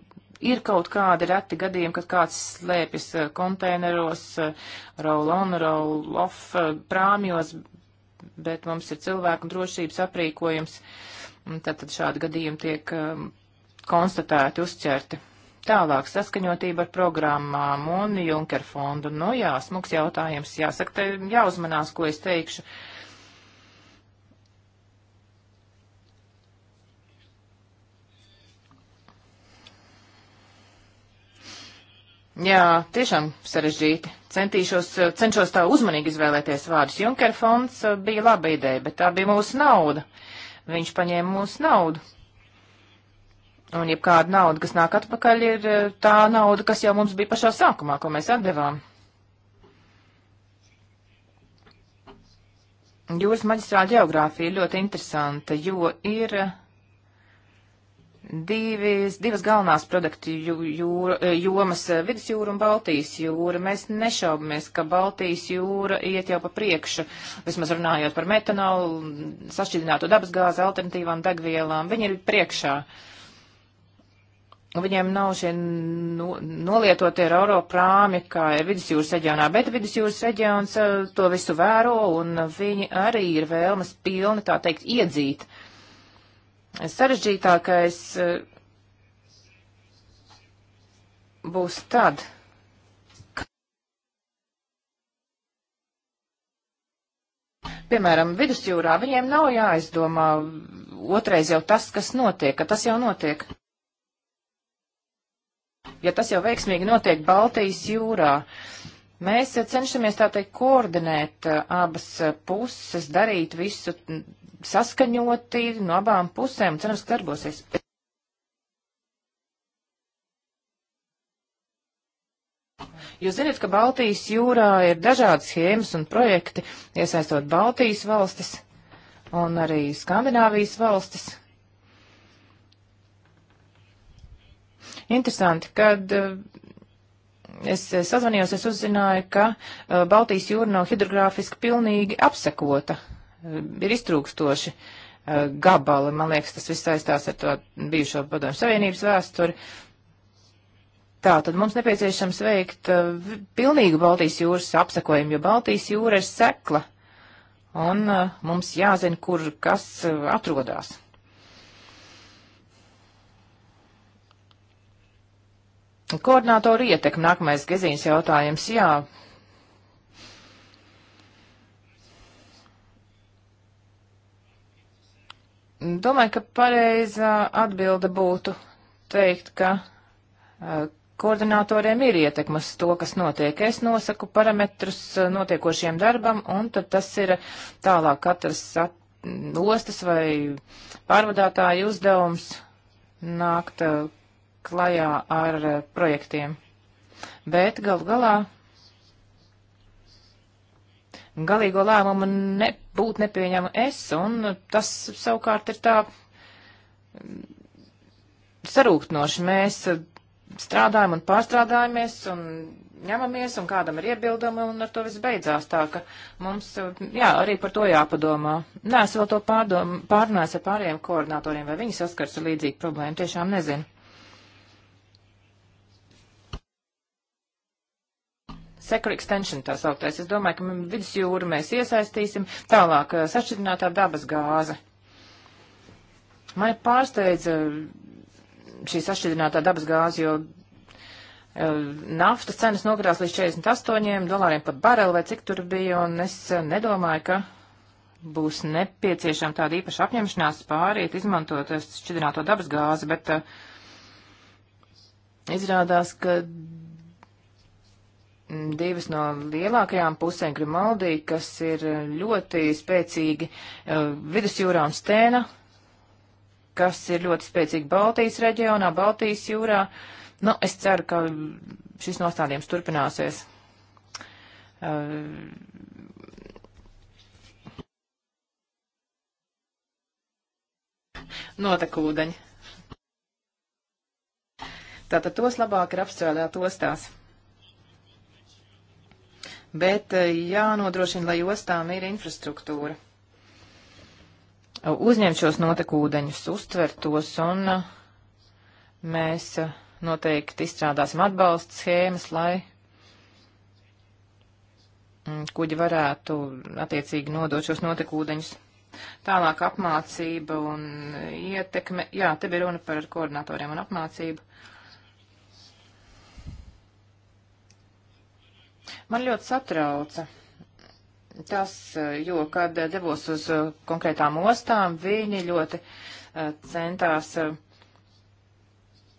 Speaker 3: Ir kaut kādi reti gadījumi, kad kāds slēpjas konteineros, roll on, roll off, prāmjos, bet mums ir cilvēku drošības aprīkojums, tātad šādi gadījumi tiek um, konstatēti, uzķerti. Tālāk saskaņotība ar programmām un Junker fondu. Nu jā, smuks jautājums. Jāsaka, te jāuzmanās, ko es teikšu. Uh, Jā, tiešām sarežģīti. Centīšos, cenšos tā uzmanīgi izvēlēties vārdus. Junker fonds eh, bija laba ideja, bet tā bija mūsu nauda. Viņš paņēma mūsu naudu. Un jebkāda nauda, kas nāk atpakaļ, ir eh, tā nauda, kas jau mums bija pašā sākumā, ko mēs atdevām. Jūras maģistrāla geogrāfija ir ļoti interesanta, jo ir eh, Divas, divas galvenās produktu jūra, eh, jomas eh, - vidusjūra un Baltijas jūra. Mēs nešaubamies, ka Baltijas jūra iet jau pa priekšu, vismaz runājot par metanolu, sašķidrināto dabasgāzi, alternatīvām degvielām. Viņi ir priekšā. Viņiem nav šie no, nolietotie eiro prāmi, kā ir vidusjūras reģionā, bet vidusjūras reģions eh, to visu vēro, un viņi arī ir vēlmes pilni, tā teikt, iedzīt uh, Sarežģītākais eh, būs tad, Piemēram, vidusjūrā viņiem nav jāizdomā otrais jau tas, kas notiek, ka tas jau notiek. Ja tas jau veiksmīgi notiek Baltijas jūrā, mēs cenšamies tā teikt koordinēt eh, abas eh, puses, darīt visu saskaņoti no abām pusēm, cerams, ka darbosies. Jūs zināt, ka Baltijas jūrā ir dažādas schēmas un projekti, iesaistot Baltijas valstis un arī Skandināvijas valstis. Interesanti, kad eh, es sazvanījos, es uzzināju, ka eh, Baltijas jūra nav hidrogrāfiski pilnīgi apsekota. Eh, ir iztrūkstoši eh, gabali. Man liekas, tas viss saistās ar to bijušo padomu savienības vēsturi. Tā tad mums nepieciešams veikt uh, pilnīgu Baltijas jūras apsekojumu, jo Baltijas jūra ir sekla, un uh, mums jāzina, kur kas uh, atrodas. Koordinātoru ietekmi nākamais gezīņas jautājums. Jā, Domāju, ka pareizā atbilde būtu teikt, ka uh, koordinatoriem ir ietekmas to, kas notiek. Es nosaku parametrus notiekošiem darbam, un tad tas ir tālāk katras ostas vai pārvadātāja uzdevums nākt klajā ar projektiem. Bet gal galā galīgo lēmumu ne, būt nepieņemu es, un tas savukārt ir tā mm, sarūktnoši. Mēs strādājam un pārstrādājamies un ņemamies, un kādam ir iebildumi, un ar to viss beidzās tā, ka mums, jā, arī par to jāpadomā. Nē, es vēl to pārdom, pārnāju ar pārējiem koordinatoriem, vai viņi saskars ar līdzīgu problēmu, tiešām nezinu. sector extension tā sauktais. Es domāju, ka vidusjūru mēs iesaistīsim tālāk sašķidrinātā dabas gāze. Mani pārsteidza šī sašķidrinātā dabas gāze, jo naftas cenas nokritās līdz 48 dolāriem pat bareli vai cik tur bija, un es nedomāju, ka būs nepieciešama tāda īpaša apņemšanās pāriet izmantot šķidrināto dabas gāzi, bet uh, izrādās, ka Mm, divas no lielākajām pusēm, Grimaldī, kas ir ļoti spēcīgi uh, vidusjūrā un stēna, kas ir ļoti spēcīgi Baltijas reģionā, Baltijas jūrā. Nu, es ceru, ka šis nostādījums turpināsies. Uh, Notekūdeņi. Tātad tos labāk ir apstrādāt ostās bet eh, jānodrošina, lai ostām ir infrastruktūra. Uzņem šos notekūdeņus, uztver tos, un eh, mēs eh, noteikti izstrādāsim atbalsta schēmas, lai mm, kuģi varētu attiecīgi nodot šos notekūdeņus. Tālāk apmācība un ietekme. Jā, te bija runa par koordinatoriem un apmācību. Uh, Man ļoti satrauca tas, eh, jo, kad devos uz eh, konkrētām ostām, viņi ļoti eh, centās,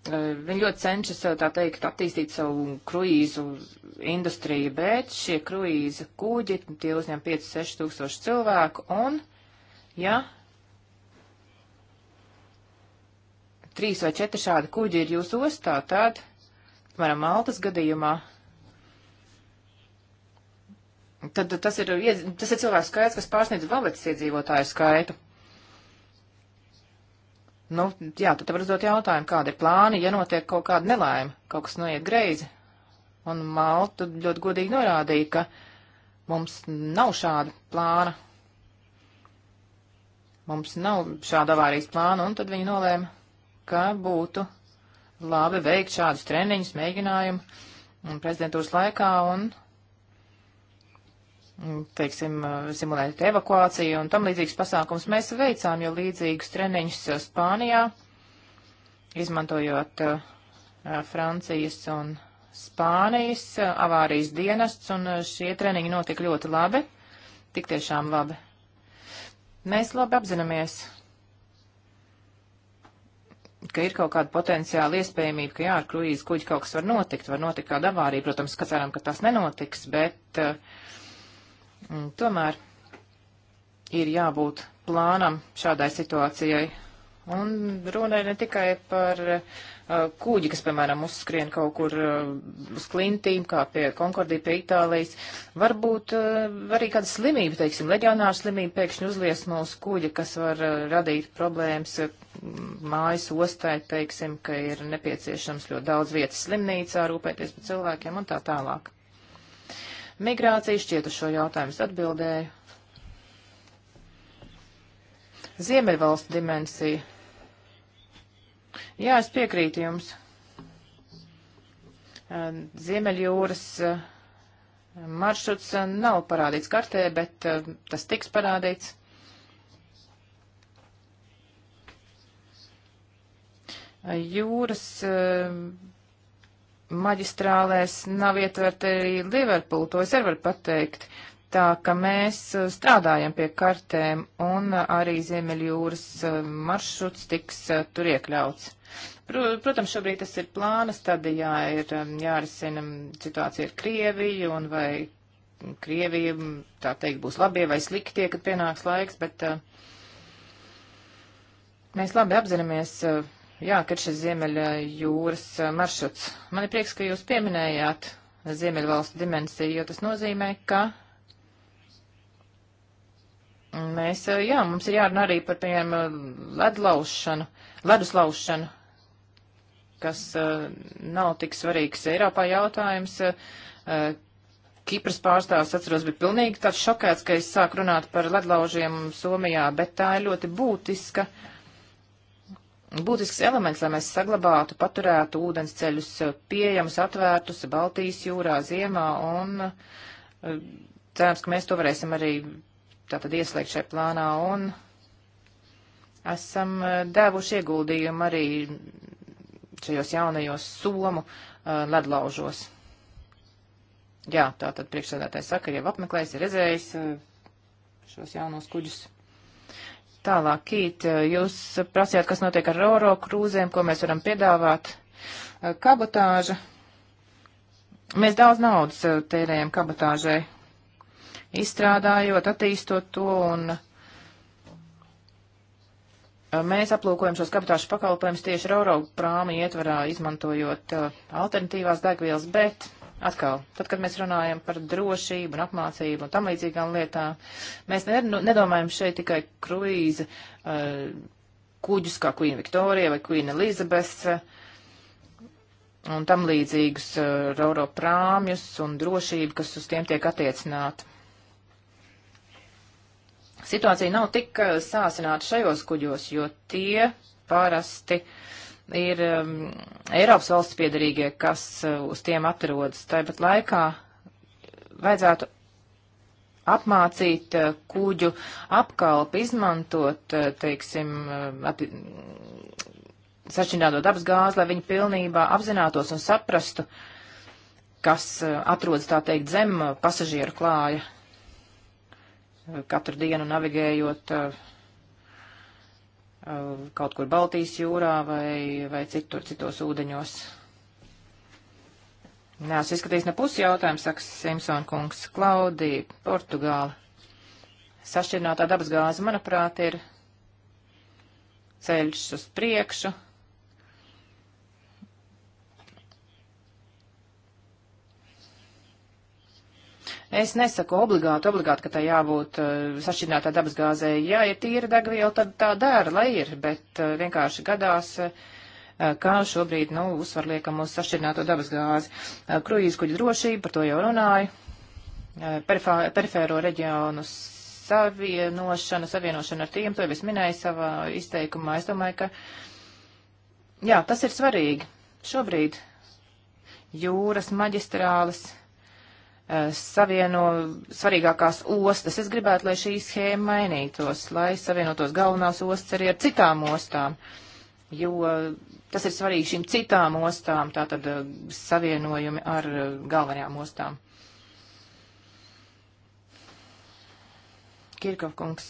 Speaker 3: viņi ļoti cenšas, tā teikt, attīstīt savu kruīzu industriju, bet šie kruīza kuģi, tie uzņem 5-6 tūkstoši cilvēku, un, ja trīs vai četri šādi kuģi ir jūsu ostā, tad, piemēram, Maltas gadījumā, tad tas ir, tas ir cilvēks skaits, kas pārsniedz valets iedzīvotāju skaitu. Nu, jā, tad var uzdot jautājumu, kāda ir plāni, ja notiek kaut kāda nelaime, kaut kas noiet greizi. Un Malta ļoti godīgi norādīja, ka mums nav šāda plāna. Mums nav šāda avārijas plāna, un tad viņi nolēma, ka būtu labi veikt šādus treniņus, mēģinājumu prezidentūras laikā, un teiksim, eh, simulēt evakuāciju un tam līdzīgs pasākums. Mēs veicām jau līdzīgus treniņus eh, Spānijā, izmantojot uh, Francijas un Spānijas uh, avārijas dienests, un šie treniņi notika ļoti labi, tik tiešām labi. Mēs labi apzināmies, ka ir kaut kāda potenciāla iespējamība, ka jā, ar kruīzu kuģi kaut kas var notikt, var notikt kāda avārija, protams, ka ceram, ka tas nenotiks, bet uh, Un tomēr ir jābūt plānam šādai situācijai. Un runa ir ne tikai par uh, kūģi, kas, piemēram, uzskrien kaut kur uh, uz klintīm, kā pie Konkordija, pie Itālijas. Varbūt uh, arī kāda slimība, teiksim, leģionāra slimība pēkšņi uzliesmo uz kūģi, kas var uh, radīt problēmas uh, mājas ostai, teiksim, ka ir nepieciešams ļoti daudz vietas slimnīcā, rūpēties par cilvēkiem un tā tālāk. Migrācija šķiet uz šo jautājumu atbildēju. Ziemeļvalstu dimensija. Jā, es piekrītu jums. Ziemeļjūras maršruts nav parādīts kartē, bet tas tiks parādīts. Jūras maģistrālēs nav ietverta arī Liverpool, to es arī varu pateikt. Tā ka mēs uh, strādājam pie kartēm un uh, arī Ziemeļjūras uh, maršruts tiks tur iekļauts. Protams, šobrīd tas ir plāna stadijā, ir um, jārisina situācija ar Krieviju un vai Krievija, tā teikt, būs labie vai sliktie, kad pienāks laiks, bet mēs labi apzināmies, Jā, kad šis Ziemeļa jūras maršruts. Man ir prieks, ka jūs pieminējāt Ziemeļvalstu dimensiju, jo tas nozīmē, ka mēs, jā, mums ir jārunā arī par, piemēram, ledlaušanu, ledus laušanu, kas eh, nav tik svarīgs Eiropā jautājums. Eh, Kipras pārstāvs, atceros, bija pilnīgi tāds šokēts, ka es sāku runāt par ledlaužiem Somijā, bet tā ir ļoti būtiska. Uh, būtisks elements, lai mēs saglabātu, paturētu ūdens ceļus pieejamus, atvērtus Baltijas jūrā ziemā un e, cerams, ka mēs to varēsim arī tātad ieslēgt šajā plānā un esam e, devuši ieguldījumu arī šajos jaunajos somu uh, ledlaužos. Jā, tātad priekšsēdētājs saka, jau apmeklējis, ir redzējis uh, šos jaunos kuģus. Tālāk, Kīt, jūs prasījāt, kas notiek ar roro krūzēm, ko mēs varam piedāvāt. Eh, kabotāža. Mēs daudz naudas eh, tērējam kabotāžai, izstrādājot, attīstot to, un eh, mēs aplūkojam šos kabotāžu pakalpojumus tieši roro prāmi ietvarā, izmantojot alternatīvās degvielas, bet Atkal, tad, kad mēs runājam par drošību un apmācību un tam līdzīgām lietām, mēs nu, nedomājam šeit tikai kruīza uh, kuģus kā Queen Victoria vai Queen Elizabeth uh, un tam līdzīgus uh, rauro prāmjus un drošību, kas uz tiem tiek attiecināta. Situācija nav tik uh, sāsināta šajos kuģos, jo tie parasti uh, ir um, Eiropas valsts piedarīgie, kas uh, uz tiem atrodas. Tāpat laikā vajadzētu apmācīt uh, kuģu apkalpi, izmantot, uh, teiksim, uh, ati, sašķināto dabas gāzi, lai viņi pilnībā apzinātos un saprastu, kas uh, atrodas, tā teikt, zem uh, pasažieru klāja katru dienu navigējot uh, Uh, kaut kur Baltijas jūrā vai, vai citur, citos ūdeņos. Nē, es izskatīju ne pusi jautājumu, saka Simpson kungs. Klaudija, Portugāla. Sašķirinātā dabas gāze, manuprāt, ir ceļš uz priekšu Es nesaku obligāti, obligāti, ka tā jābūt uh, sašķidrinātā dabasgāzē. Jā, ir tīra degviela, tad tā dara, lai ir, bet uh, vienkārši gadās. Uh, eh, kā šobrīd, nu, uzsvar liekam uz sašķirināto dabasgāzi. Kruīzkuģu drošība, par to jau runāju. Perifā, perifēro reģionu savienošana, savienošana ar tiem, to jau es minēju savā izteikumā. Es domāju, ka, jā, tas ir svarīgi. Šobrīd jūras maģistrāles Eh, savieno svarīgākās ostas. Es gribētu, lai šī schēma mainītos, lai savienotos galvenās ostas arī ar citām ostām, jo tas ir svarīgi šīm citām ostām, tātad eh, savienojumi ar eh, galvenajām ostām. Kirkovkungs.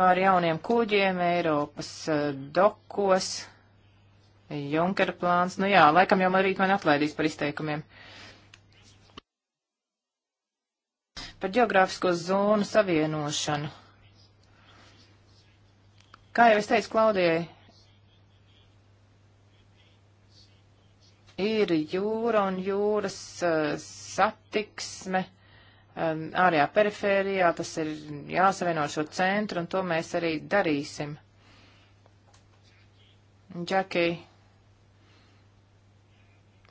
Speaker 3: Pār jauniem kuģiem Eiropas dokos. Junkera plāns. Nu jā, laikam jau man rīt man atlaidīs par izteikumiem. Par geogrāfisko zonu savienošanu. Kā jau es teicu Klaudijai, ir jūra un jūras uh, satiksme um, ārējā perifērijā, tas ir jāsavieno šo centru, un to mēs arī darīsim. Džekija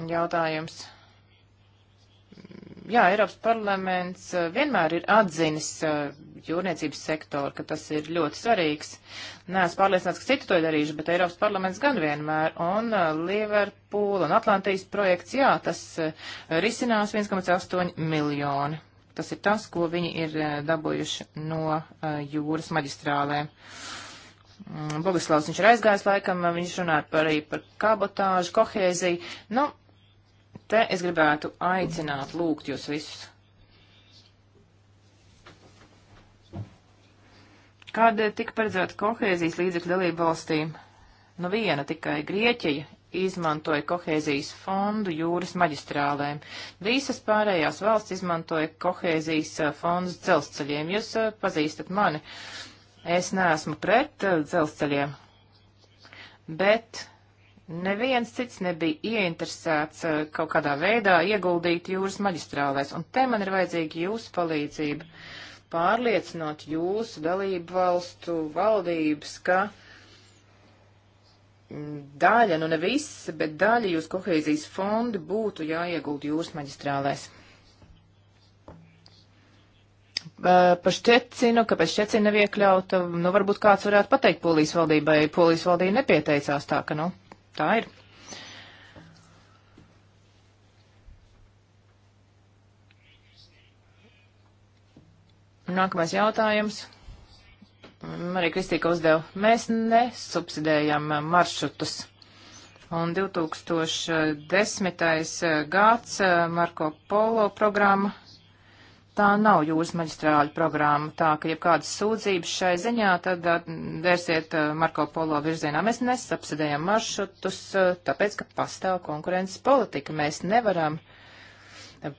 Speaker 3: jautājums. Jā, Eiropas parlaments eh, vienmēr ir atzinis eh, jūrniecības sektoru, ka tas ir ļoti svarīgs. Nē, es pārliecināts, ka citi to darīšu, bet Eiropas parlaments gan vienmēr. Un eh, Liverpūla un Atlantijas projekts, jā, tas risinās 1,8 miljoni. Tas ir tas, ko viņi ir dabūjuši no jūras maģistrālēm. Mm, Boguslavs, viņš ir aizgājis laikam, viņš runāja par, arī par kabotāžu, kohēziju. Nu, Te es gribētu aicināt, lūgt jūs visus. Kāda tika paredzēta kohēzijas līdzekļu dalību valstīm? Nu viena tikai Grieķija izmantoja kohēzijas fondu jūras maģistrālēm. Visas pārējās valsts izmantoja kohēzijas eh, fondus dzelzceļiem. Jūs eh, pazīstat mani. Es neesmu pret eh, dzelzceļiem, bet Neviens cits nebija ieinteresēts eh, kaut kādā veidā ieguldīt jūras maģistrālēs, un te man ir vajadzīga jūsu palīdzība pārliecinot jūsu dalību valstu valdības, ka mm, daļa, nu ne viss, bet daļa jūs kohēzijas fondi būtu jāieguld jūras maģistrālēs. Par Šķecinu, kāpēc Šķecina nav iekļauta, nu varbūt kāds varētu pateikt polijas valdībai, polijas valdība nepieteicās tā, ka nu. No. Tā ir. Nākamais jautājums. Marija Kristīka uzdeva. Mēs nesubsidējam maršrutus. Un 2010. gads Marko Polo programma tā nav jūsu maģistrāļa programma, tā ka jebkādas sūdzības šai ziņā tad uh, vērsiet uh, Marko Polo virzienā. Mēs nesapsidējam maršrutus, uh, tāpēc, ka pastāv konkurences politika. Mēs nevaram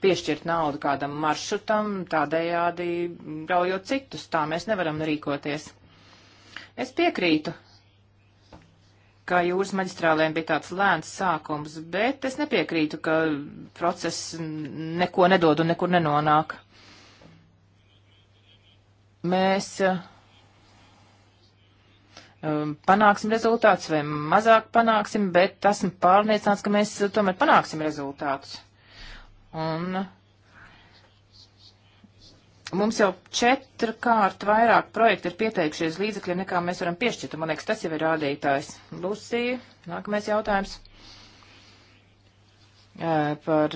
Speaker 3: piešķirt naudu kādam maršrutam, tādējādi graujot citus. Tā mēs nevaram rīkoties. Es piekrītu ka jūras maģistrālēm bija tāds lēns sākums, bet es nepiekrītu, ka process neko nedod un nekur nenonāk mēs eh, um, panāksim rezultātus vai mazāk panāksim, bet esmu pārliecināts, ka mēs eh, tomēr panāksim rezultātus. Un eh, mums jau četrkārt vairāk projekti ir pieteikšies līdzekļiem, nekā mēs varam piešķirt. Man liekas, tas jau ir rādītājs. Lūsija, nākamais jautājums par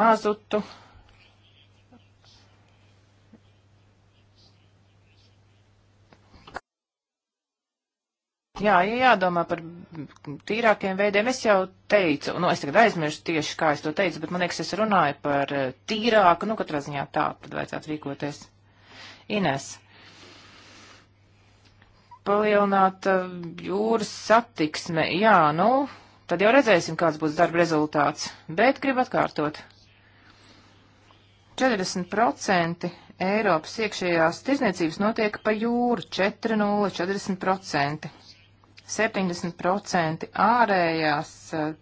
Speaker 3: mazutu Jā, ja jādomā par tīrākiem veidiem, es jau teicu, nu, es tagad aizmirstu tieši, kā es to teicu, bet man liekas, es runāju par eh, tīrāku, nu, katrā ziņā tā, tad vajadzētu rīkoties. Ines. Palielināt eh, jūras satiksme, jā, nu, tad jau redzēsim, kāds būs darba rezultāts, bet gribu atkārtot. 40% Eiropas iekšējās tirzniecības notiek pa jūru, 4,040%. 70% ārējās eh,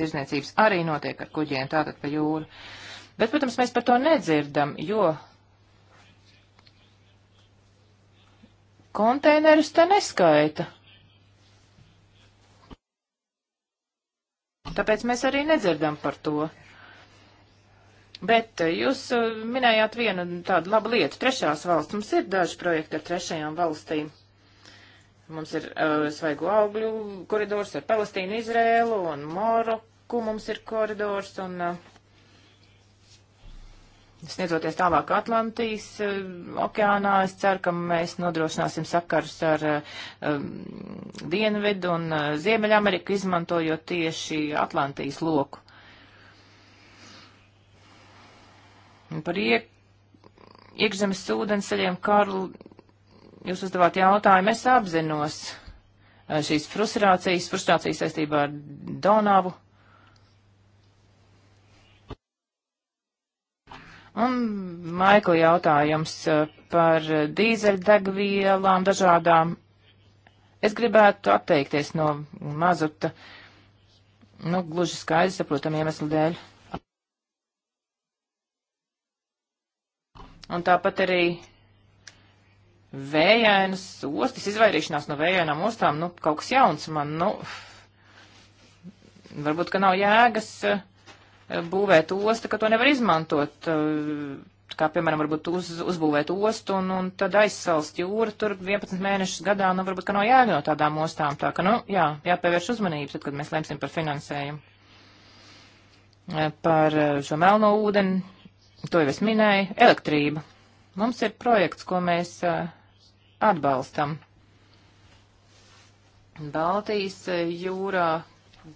Speaker 3: tirzniecības arī notiek ar kuģiem, tātad pa jūru. Bet, protams, mēs par to nedzirdam, jo konteinerus te neskaita. Tāpēc mēs arī nedzirdam par to. Bet eh, jūs eh, minējāt vienu tādu labu lietu. Trešās valsts mums ir daži projekti ar trešajām valstīm. Mums ir uh, svaigo augļu koridors ar Palestīnu, Izrēlu un Moroku mums ir koridors un uh, sniedzoties tālāk Atlantijas uh, okeānā, es ceru, ka mēs nodrošināsim sakarus ar uh, um, Dienvidu un uh, Ziemeļameriku, izmantojot tieši Atlantijas loku. Un par iek iekšzemes ūdensceļiem, Karl, Jūs uzdevāt jautājumu, es apzinos eh, šīs frustrācijas, frustrācijas saistībā ar Donavu. Un Maikla jautājums eh, par dīzeļdegvielām dažādām. Es gribētu atteikties no mazuta, nu, gluži skaidri saprotam iemeslu dēļ. Un tāpat arī Vējainas ostas, izvairīšanās no vējainām ostām, nu, kaut kas jauns man, nu, varbūt, ka nav jēgas eh, būvēt ostu, ka to nevar izmantot eh, kā piemēram, varbūt uz, uzbūvēt ostu un, un tad aizsalst jūru tur 11 mēnešus gadā, nu varbūt, ka nav jēga no tādām ostām, tā ka, nu, jā, jāpievērš uzmanības, tad, kad mēs lemsim par finansējumu. Eh, par šo melno ūdeni, to jau es minēju, elektrība. Mums ir projekts, ko mēs uh, atbalstam. Baltijas eh, jūrā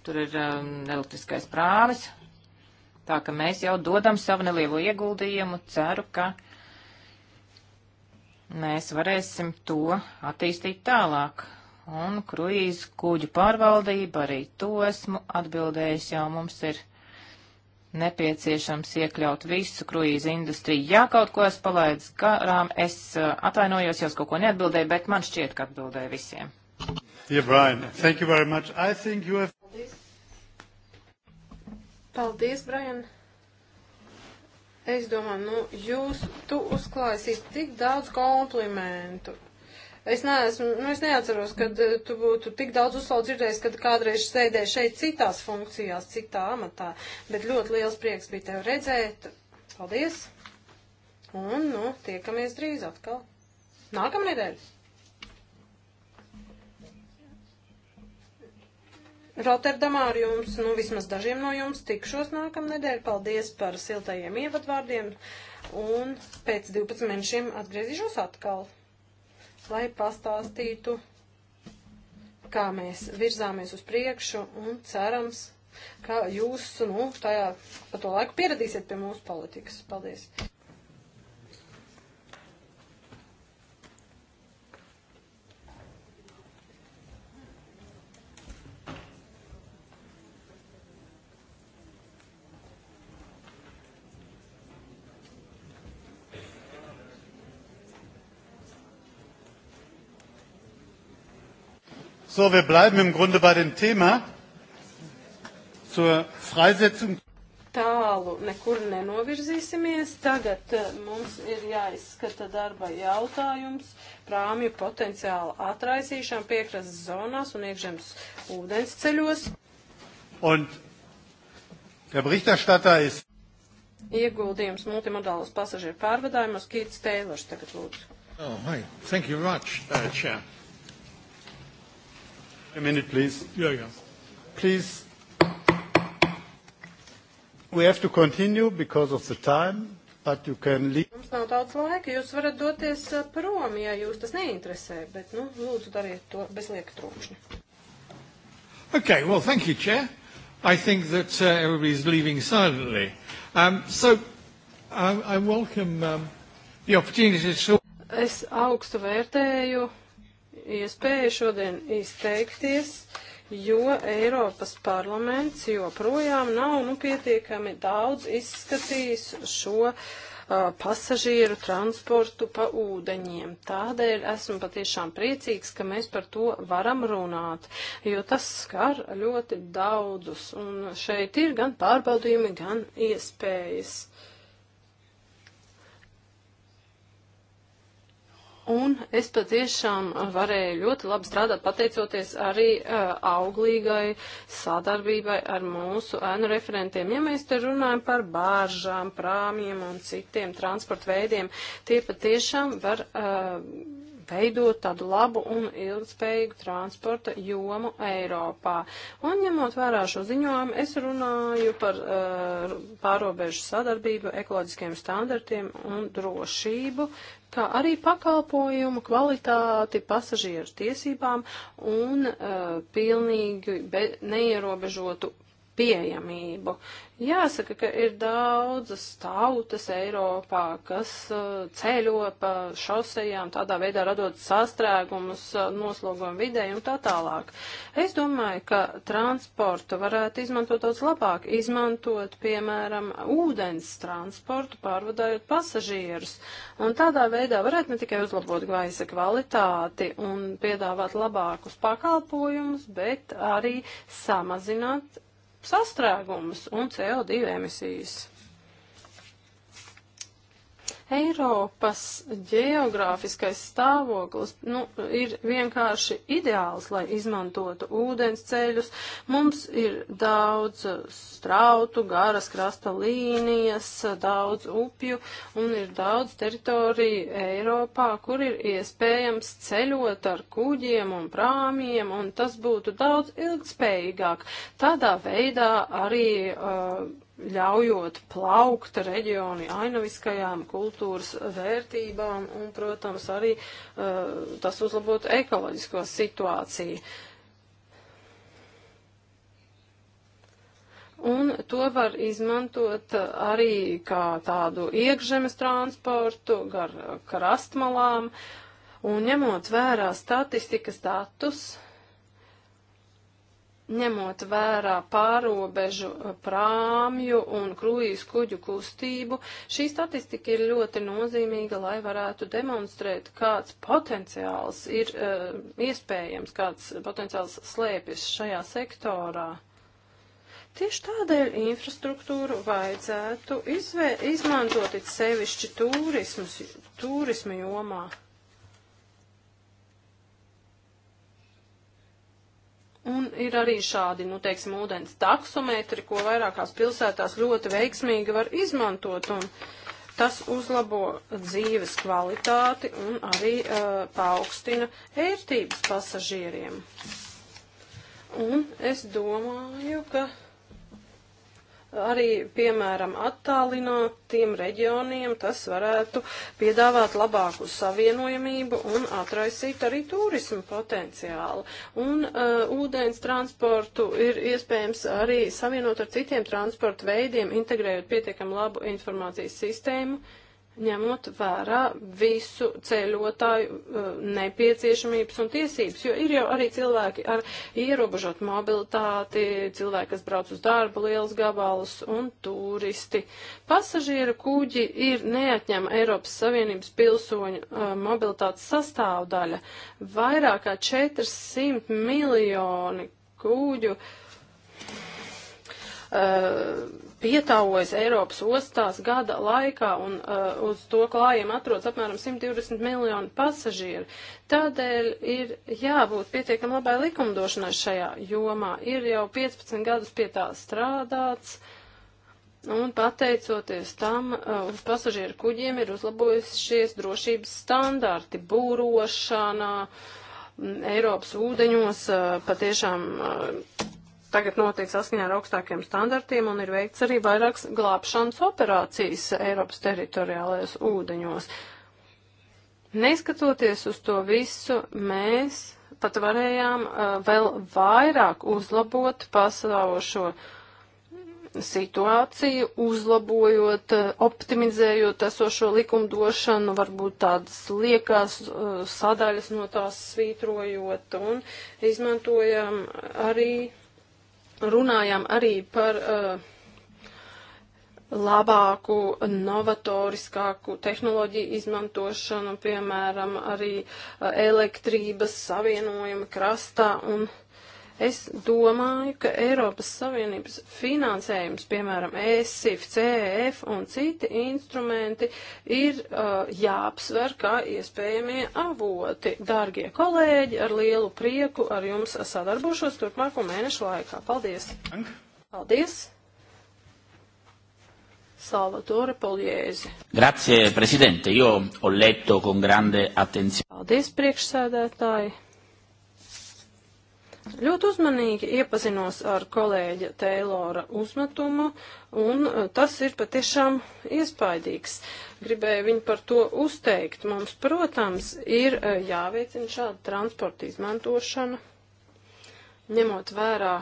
Speaker 3: tur ir um, elektriskais prāvis, tā ka mēs jau dodam savu nelielo ieguldījumu, ceru, ka mēs varēsim to attīstīt tālāk. Un kruīzu kuģu pārvaldība arī to esmu atbildējis, jau mums ir nepieciešams iekļaut visu kruīzu industriju. Ja kaut ko es palaidu garām, es eh, atvainojos, ja uz kaut ko neatbildēju, bet man šķiet, ka atbildēju visiem.
Speaker 1: Yeah, Brian, thank you very much. I think you have... Paldies.
Speaker 2: Paldies, Brian. Es domāju, nu, jūs, tu uzklāsīt tik daudz komplimentu. Es neesmu, nu, es neatceros, kad eh, tu būtu tik daudz uzslaudz dzirdējis, kad kādreiz sēdēji šeit citās funkcijās, citā amatā, bet ļoti liels prieks bija tevi redzēt. Paldies! Un, nu, tiekamies drīz atkal. Nākamnedēļ! Rotterdamā ar jums, nu, vismaz dažiem no jums tikšos nākamnedēļ. Paldies par siltajiem ievadvārdiem. Un pēc 12 mēnešiem atgriezīšos atkal lai pastāstītu, kā mēs virzāmies uz priekšu un cerams, ka jūs, nu, tajā pa to laiku pieradīsiet pie mūsu politikas. Paldies!
Speaker 1: So, wir bleiben im Grunde bei dem Thema zur Freisetzung.
Speaker 2: Tālu nekur nenovirzīsimies. Tagad eh, mums ir jāizskata darba jautājums prāmju potenciāla atraisīšana piekrastes zonās un iekšzemes ūdens ceļos.
Speaker 1: Un der Berichterstatter ist
Speaker 2: ieguldījums multimodālos pasažieru pārvadājumos. Kīts Teilors tagad lūdzu.
Speaker 1: Oh, hi. Thank you very much, uh, Chair. A minute, please. Yeah, yeah. Please, we have to continue because of the time, but you can leave.
Speaker 2: Mums nav daudz laika, jūs varat doties uh, prom, ja jūs tas neinteresē, bet, nu, lūdzu, dariet to bez lieka trūkšņa.
Speaker 1: Okay, well, thank you, Chair. I think that uh, everybody's leaving silently. Um, so, I, I welcome um, the opportunity to...
Speaker 2: Es augstu vērtēju iespēju šodien izteikties, jo Eiropas parlaments joprojām nav nu, pietiekami daudz izskatījis šo uh, pasažieru transportu pa ūdeņiem. Tādēļ esmu patiešām priecīgs, ka mēs par to varam runāt, jo tas skar ļoti daudzus, un šeit ir gan pārbaudījumi, gan iespējas. Uh, Un es patiešām varēju ļoti labi strādāt, pateicoties arī uh, auglīgai sadarbībai ar mūsu ēnu referentiem. Ja mēs te runājam par bāržām, prāmjiem un citiem transporta veidiem, tie patiešām var. Uh, veidot tādu labu un ilgspējīgu transporta jomu Eiropā. Un ņemot vērā šo ziņojumu, es runāju par uh, pārobežu sadarbību, ekoloģiskiem standartiem un drošību, kā arī pakalpojumu kvalitāti, pasažieru tiesībām un uh, pilnīgi be, neierobežotu pieejamību. Jāsaka, ka ir daudzas tautas Eiropā, kas uh, ceļo pa šosejām, tādā veidā radot sastrēgumus, uh, noslogojumu videi un tā tālāk. Es domāju, ka transportu varētu izmantot daudz labāk, izmantot, piemēram, ūdens transportu, pārvadājot pasažierus. Un tādā veidā varētu ne tikai uzlabot gaisa kvalitāti un piedāvāt labākus pakalpojumus, bet arī samazināt sastrēgumus un CO2 emisijas. Eiropas geogrāfiskais stāvoklis nu, ir vienkārši ideāls, lai izmantotu ūdens ceļus. Mums ir daudz strautu, garas krasta līnijas, daudz upju un ir daudz teritoriju Eiropā, kur ir iespējams ceļot ar kuģiem un prāmiem, un tas būtu daudz ilgspējīgāk. Tādā veidā arī uh, ļaujot plaukt reģioni ainaviskajām kultūras vērtībām un, protams, arī uh, tas uzlabot ekoloģisko situāciju. Un to var izmantot arī kā tādu iekšzemes transportu gar krastmalām. Un ņemot vērā statistikas status, uh, ņemot vērā pārobežu eh, prāmju un kruīzu kuģu kustību, šī statistika ir ļoti nozīmīga, lai varētu demonstrēt, kāds potenciāls ir uh, iespējams, kāds potenciāls slēpjas šajā sektorā. Tieši tādēļ infrastruktūru vajadzētu izvē, izmantot it sevišķi turismus, turismu jomā. Un ir arī šādi, nu, teiksim, ūdens taksometri, ko vairākās pilsētās ļoti veiksmīgi var izmantot, un tas uzlabo dzīves kvalitāti un arī uh, paaugstina ērtības pasažieriem. Un es domāju, ka arī, piemēram, attālinātiem reģioniem tas varētu piedāvāt labāku savienojamību un atraisīt arī turismu potenciālu. Un uh, ūdens transportu ir iespējams arī savienot ar citiem transporta veidiem, integrējot pietiekam labu informācijas sistēmu. Uh, ņemot vērā visu ceļotāju uh, nepieciešamības un tiesības, jo ir jau arī cilvēki ar ierobežotu mobilitāti, cilvēki, kas brauc uz darbu liels gabalus un turisti. Pasažiera kuģi ir neatņem Eiropas Savienības pilsoņu uh, mobilitātes sastāvdaļa. Vairāk kā 400 miljoni kuģu. Uh, pietāvojas Eiropas ostās gada laikā un uh, uz to klājiem atrodas apmēram 120 miljoni pasažieru. Tādēļ ir jābūt pietiekam labai likumdošanai šajā jomā. Ir jau 15 gadus pie tā strādāts. Un pateicoties tam, uh, uz pasažieru kuģiem ir uzlabojušies drošības standarti, būrošana, mm, Eiropas ūdeņos uh, patiešām uh, tagad notiek saskaņā ar augstākiem standartiem un ir veikts arī vairākas glābšanas operācijas Eiropas teritoriālajos ūdeņos. Neskatoties uz to visu, mēs pat varējām uh, vēl vairāk uzlabot pasaušo situāciju, uzlabojot, uh, optimizējot esošo likumdošanu, varbūt tādas liekās uh, sadaļas no tās svītrojot un izmantojam arī runājām arī par uh, labāku, novatoriskāku tehnoloģiju izmantošanu, piemēram, arī uh, elektrības savienojuma krastā un Es domāju, ka Eiropas Savienības finansējums, piemēram, ESIF, CEF un citi instrumenti ir uh, jāapsver kā iespējamie avoti. Dargie kolēģi, ar lielu prieku ar jums sadarbošos turpmāko mēnešu laikā. Paldies! Paldies! Salvatore Poliesi.
Speaker 4: Grazie, Presidente. Io ho letto con grande attenzione.
Speaker 2: Paldies, priekšsēdētāji. Ļoti uzmanīgi iepazinos ar kolēģa Teilora uzmetumu, un e, tas ir patiešām iespaidīgs. Gribēju viņu par to uzteikt. Mums, protams, ir e, jāveicina šāda transporta izmantošana, ņemot vērā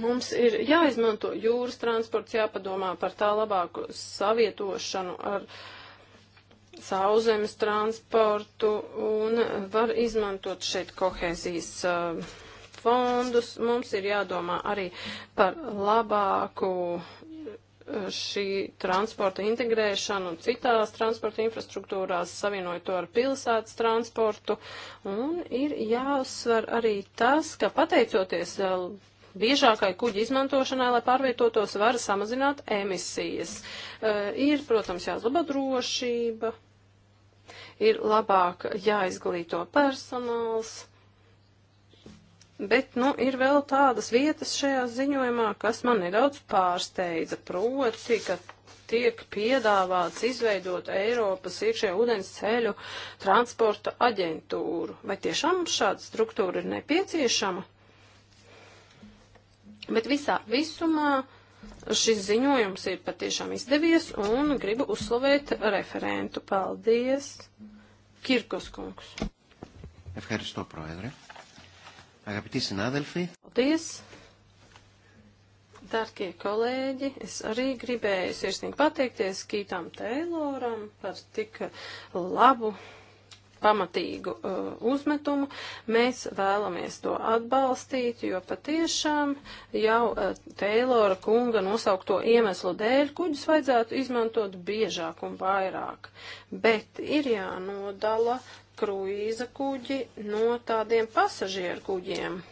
Speaker 2: Mums ir jāizmanto jūras transports, jāpadomā par tā labāku savietošanu ar sauzemes transportu un var izmantot šeit kohēzijas uh, fondus. Mums ir jādomā arī par labāku uh, šī transporta integrēšanu citās transporta infrastruktūrās, savienojot to ar pilsētas transportu. Un ir jāuzsver arī tas, ka pateicoties uh, biežākai kuģi izmantošanai, lai pārvietotos var samazināt emisijas. Uh, ir, protams, jāuzlabo drošība, ir labāk jāizglīto personāls. Bet, nu, ir vēl tādas vietas šajā ziņojumā, kas man nedaudz pārsteidza, proti, ka tiek piedāvāts izveidot Eiropas iekšējā ūdens ceļu transporta aģentūru. Vai tiešām šāda struktūra ir nepieciešama? Bet visā visumā šis ziņojums ir patiešām izdevies un gribu uzslavēt referentu. Paldies, Kirkos kungs.
Speaker 4: Ευχαριστώ, Πρόεδρε. Αγαπητοί συνάδελφοι.
Speaker 2: Paldies. Darkie kolēģi, es arī gribēju sirsnīgi pateikties Kītam Teiloram par tik labu pamatīgu uh, uzmetumu. Mēs vēlamies to atbalstīt, jo patiešām jau uh, Teilora kunga nosaukto iemeslu dēļ kuģus vajadzētu izmantot biežāk un vairāk. Bet ir jānodala kruīza kuģi no tādiem pasažieru kuģiem.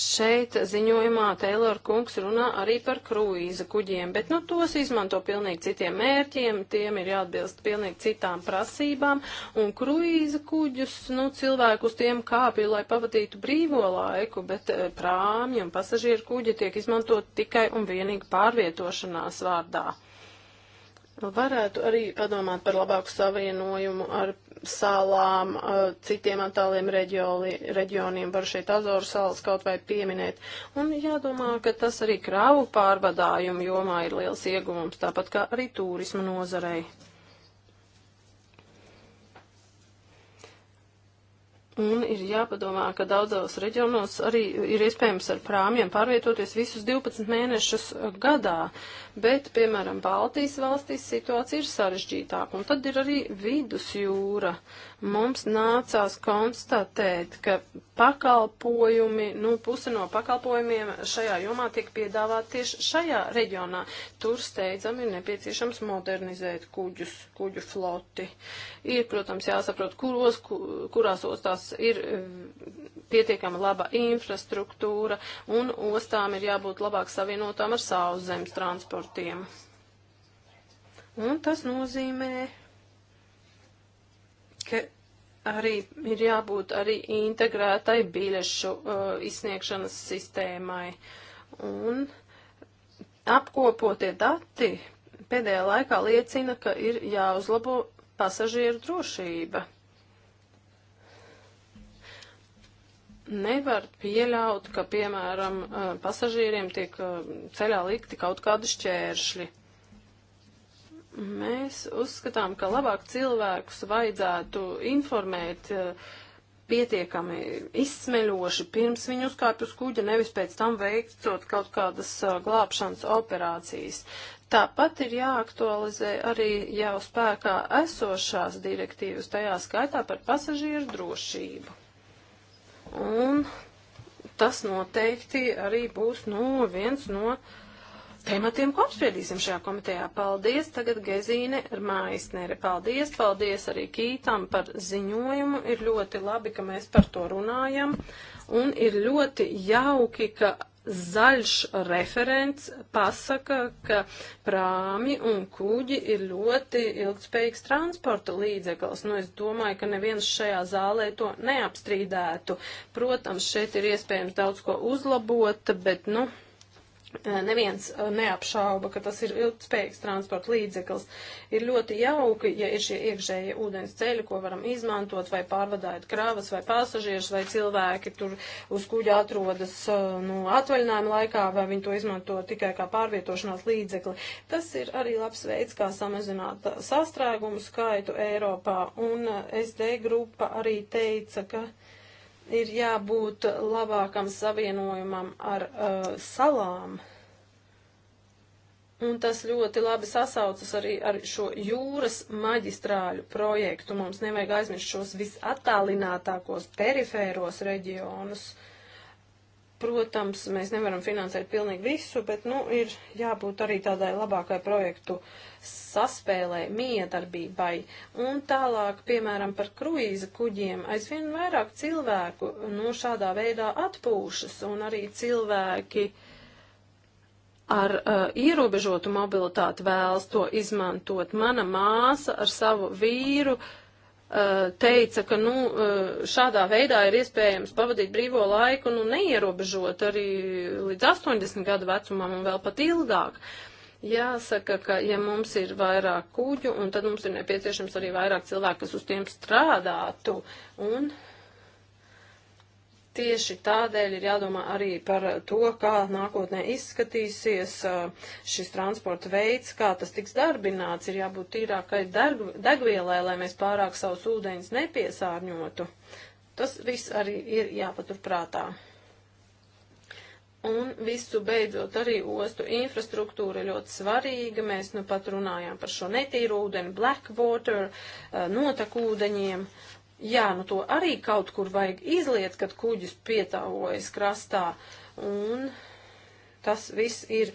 Speaker 2: Šeit ziņojumā Taylor kungs runā arī par kruīza kuģiem, bet nu tos izmanto pilnīgi citiem mērķiem, tiem ir jāatbilst pilnīgi citām prasībām, un kruīza kuģus, nu cilvēku uz tiem kāpju, lai pavadītu brīvo laiku, bet eh, prāmju un pasažieru kuģi tiek izmantot tikai un vienīgi pārvietošanās vārdā. Varētu arī padomāt par labāku savienojumu ar salām, uh, citiem attāliem reģioli, reģioniem, var šeit Azoru salas kaut vai pieminēt. Un jādomā, ka tas arī kravu pārvadājumu jomā ir liels ieguvums, tāpat kā arī turismu nozarei. Un ir jāpadomā, ka daudzos reģionos arī ir iespējams ar prāmjiem pārvietoties visus 12 mēnešus uh, gadā, bet, piemēram, Baltijas valstīs situācija ir sarežģītāka, un tad ir arī vidusjūra mums nācās konstatēt, ka pakalpojumi, nu, puse no pakalpojumiem šajā jomā tiek piedāvāt tieši šajā reģionā. Tur steidzam ir nepieciešams modernizēt kuģus, kuģu floti. Ir, protams, jāsaprot, kuros, kurās ostās ir mm, pietiekama laba infrastruktūra, un ostām ir jābūt labāk savienotām ar sauszemes transportiem. Un tas nozīmē ka arī ir jābūt arī integrētai biļešu uh, izsniegšanas sistēmai. Un apkopotie dati pēdējā laikā liecina, ka ir jāuzlabo pasažieru drošība. Nevar pieļaut, ka, piemēram, uh, pasažieriem tiek uh, ceļā likti kaut kādi šķēršļi. Mēs uzskatām, ka labāk cilvēkus vajadzētu informēt eh, pietiekami izsmeļoši pirms viņi uzkāpj uz kuģa, nevis pēc tam veicot kaut kādas eh, glābšanas operācijas. Tāpat ir jāaktualizē arī jau spēkā esošās direktīvas, tajā skaitā par pasažieru drošību. Un tas noteikti arī būs nu, viens no. Uh, tematiem, ko apspriedīsim šajā komitejā. Paldies tagad Gezīne ar Maisnere. Paldies, paldies arī Kītam par ziņojumu. Ir ļoti labi, ka mēs par to runājam. Un ir ļoti jauki, ka zaļš referents pasaka, ka prāmi un kuģi ir ļoti ilgspējīgs transporta līdzeklis. Nu, es domāju, ka neviens šajā zālē to neapstrīdētu. Protams, šeit ir iespējams daudz ko uzlabot, bet, nu, Neviens neapšauba, ka tas ir ilgspējīgs transporta līdzeklis. Ir ļoti jauki, ja ir šie iekšējie ūdens ceļi, ko varam izmantot, vai pārvadājot krāvas, vai pasažierus, vai cilvēki tur uz kuģa atrodas nu, atvaļinājuma laikā, vai viņi to izmanto tikai kā pārvietošanās līdzekli. Tas ir arī labs veids, kā samazināt sastrēgumu skaitu Eiropā. Un SD grupa arī teica, ka ir jābūt labākam savienojumam ar uh, salām. Un tas ļoti labi sasaucas arī ar šo jūras maģistrāļu projektu. Mums nevajag aizmirst šos visattālinātākos perifēros reģionus. Uh, Protams, mēs nevaram finansēt pilnīgi visu, bet, nu, ir jābūt arī tādai labākai projektu saspēlē, miedarbībai. Un tālāk, piemēram, par kruīza kuģiem aizvien vairāk cilvēku, nu, šādā veidā atpūšas un arī cilvēki ar uh, ierobežotu mobilitāti vēlas to izmantot. Mana māsa ar savu vīru uh, Uh, teica, ka nu, uh, šādā veidā ir iespējams pavadīt brīvo laiku nu, neierobežot arī līdz 80 gadu vecumam un vēl pat ilgāk. Jāsaka, ka ja mums ir vairāk kuģu, un tad mums ir nepieciešams arī vairāk cilvēku, kas uz tiem strādātu. Un uh, Tieši tādēļ ir jādomā arī par to, kā nākotnē izskatīsies uh, šis transporta veids, kā tas tiks darbināts. Ir jābūt tīrākai degvielai, lai mēs pārāk savus ūdeņus nepiesārņotu. Tas viss arī ir jāpaturprātā. Un visu beidzot arī ostu infrastruktūra ļoti svarīga. Mēs nu pat runājām par šo netīru ūdeni, black water, notekūdeņiem. Uh, Jā, nu to arī kaut kur vajag izliet, kad kuģis pietāvojas krastā. Un tas viss ir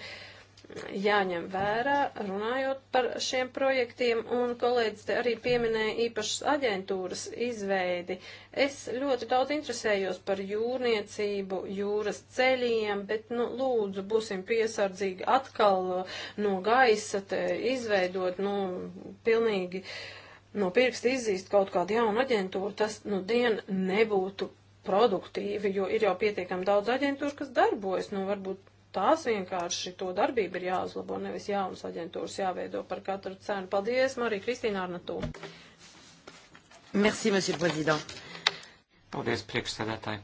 Speaker 2: jāņem vērā, runājot par šiem projektiem, un kolēģis te arī pieminēja īpašas aģentūras izveidi. Es ļoti daudz interesējos par jūrniecību, jūras ceļiem, bet, nu, lūdzu, būsim piesardzīgi atkal no gaisa te izveidot, nu, pilnīgi. Uh, no pirksta izzīst kaut kādu jaunu aģentūru, tas nu dien nebūtu produktīvi, jo ir jau pietiekami daudz aģentūru, kas darbojas. Nu, varbūt tās vienkārši to darbību ir jāuzlabo, nevis jaunas aģentūras jāveido par katru cenu. Paldies, Marija Kristīna Arnatū.
Speaker 1: Merci, monsieur prezident.
Speaker 4: Paldies, priekšsēdētāji.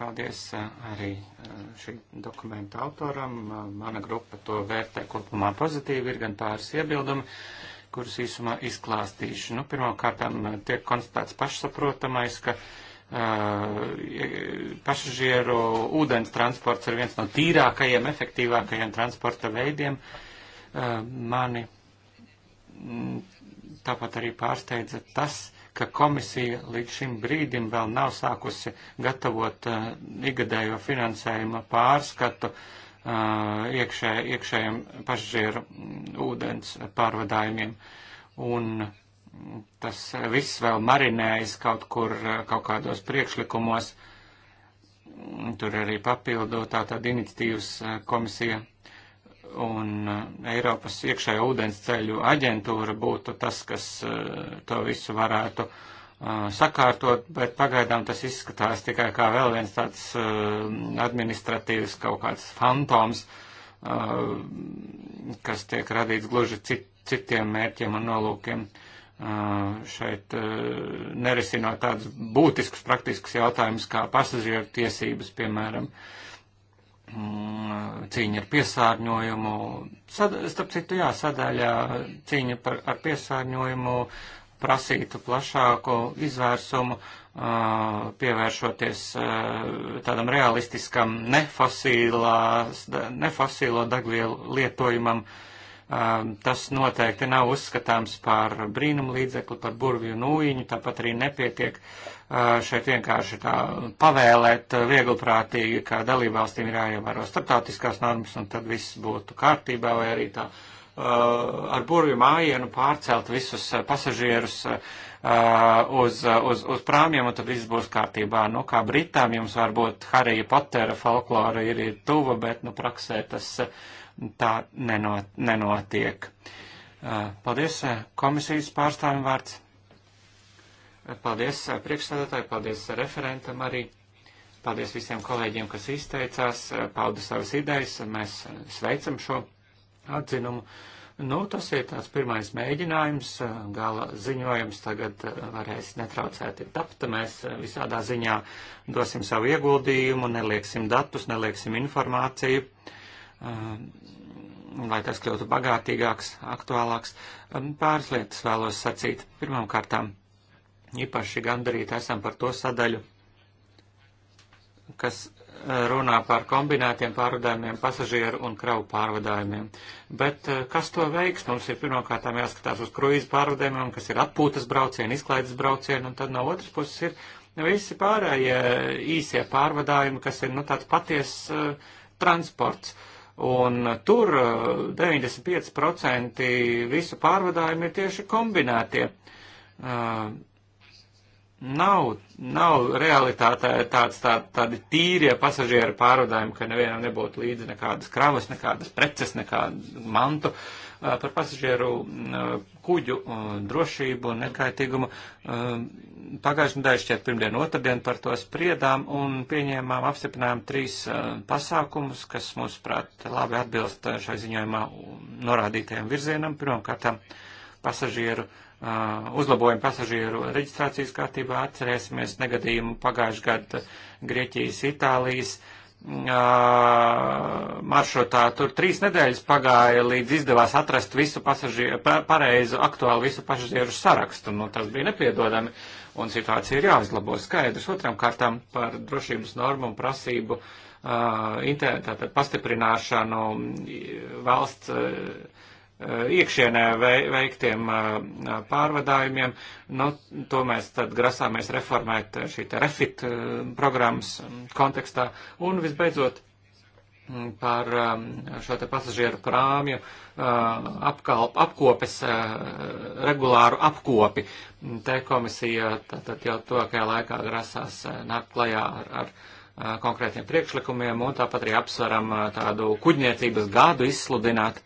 Speaker 4: Paldies uh, arī uh, šī dokumenta autoram. Uh, mana grupa to vērtē kopumā pozitīvi, ir gan pāris iebildumi kurus īsumā izklāstīšu. Nu, pirmkārtām eh, tiek konstatēts pašsaprotamais, ka uh, pasažieru ūdens transports ir viens no tīrākajiem, efektīvākajiem transporta veidiem. Uh, mani mm, tāpat arī pārsteidza tas, ka komisija līdz šim brīdim vēl nav sākusi gatavot uh, igadējo finansējuma pārskatu uh, iekšē, iekšējiem pasažieru mm, ūdens pārvadājumiem. Un tas viss vēl marinējas kaut kur, kaut kādos priekšlikumos. Tur arī papildu tā tāda iniciatīvas komisija un Eiropas iekšējā ūdens ceļu aģentūra būtu tas, kas to visu varētu uh, sakārtot, bet pagaidām tas izskatās tikai kā vēl viens tāds administratīvs kaut kāds fantoms, kas tiek radīts gluži cit, citiem mērķiem un nolūkiem. Šeit nerisinot tādus būtiskus praktiskus jautājumus kā pasažieru tiesības, piemēram, cīņa ar piesārņojumu. Sad, starp citu, jā, sadaļā cīņa par, ar piesārņojumu prasītu plašāku izvērsumu, pievēršoties tādam realistiskam nefosīlās, nefosīlo degvielu lietojumam. Tas noteikti nav uzskatāms par brīnumu līdzekli, par burvju nūjiņu, tāpat arī nepietiek šeit vienkārši tā pavēlēt vieglprātīgi, ka dalībvalstīm ir jāievēro starptautiskās normas un tad viss būtu kārtībā vai arī tā uh, Uh, ar burvju mājienu pārcelt visus uh, pasažierus uh, uz, uz, uz prāmjiem, un tad viss būs kārtībā. Nu, kā Britām jums varbūt Harija Potera folklora ir, ir tuva, bet, nu, praksē tas tā nenot, nenotiek. Paldies, komisijas pārstāvim vārds. Paldies priekšstādātāji, paldies referentam arī. Paldies visiem kolēģiem, kas izteicās, pauda savas idejas, un mēs sveicam šo atzinumu. Nu, tas ir tāds pirmais mēģinājums, gala ziņojums tagad eh, varēs netraucēti tapt. Mēs eh, visādā ziņā dosim savu ieguldījumu, nelieksim datus, nelieksim informāciju, eh, lai tas kļūtu bagātīgāks, aktuālāks. Ehm, pāris lietas vēlos sacīt. Pirmkārtām, īpaši gandarīti esam par to sadaļu, kas runā par kombinētiem pārvadājumiem, pasažieru un kravu pārvadājumiem. Bet eh, kas to veiks? Mums ir pirmkārt jāskatās uz kruīzu pārvadājumiem, kas ir atpūtas braucieni, izklaides braucieni, un tad no otras puses ir visi pārējie eh, īsie pārvadājumi, kas ir nu, tāds paties uh, transports. Un tur 95% visu pārvadājumu ir tieši kombinētie. Uh, nav, nav realitātē tāds, tā, tādi tīrie pasažieru pārvadājumi, ka nevienam nebūtu līdzi nekādas kravas, nekādas preces, nekādu mantu. Par pasažieru kuģu drošību un nekaitīgumu pagājušajā nedēļā šķiet pirmdien, otrdien par to spriedām un pieņēmām, apstiprinājām trīs pasākumus, kas, mūsuprāt, labi atbilst šai ziņojumā norādītajam virzienam. Pirmkārt, pasažieru uh, Uh, uzlabojam pasažieru reģistrācijas kārtībā. Atcerēsimies negadījumu pagājušajā gadā Grieķijas, Itālijas uh, maršrutā. Tur trīs nedēļas pagāja, līdz izdevās atrast visu pasažieru, pareizu, aktuālu visu pasažieru sarakstu. Nu, tas bija nepiedodami un situācija ir jāuzlabo skaidrs. Otram kārtām par drošības normu un prasību. Uh, internetā pastiprināšanu mm, valsts uh, Eh, iekšienē veiktiem eh, pārvadājumiem. Nu, to mēs tad grasāmies reformēt eh, šī te refit programmas mm, kontekstā. Un visbeidzot mm, par šo te pasažieru krāmju apkalp, apkopes, regulāru apkopi. Mm, te komisija tad jau tuvākajā laikā grasās nākt klajā ar, ar konkrētiem priekšlikumiem un tāpat arī apsveram tādu kuģniecības gadu izsludināt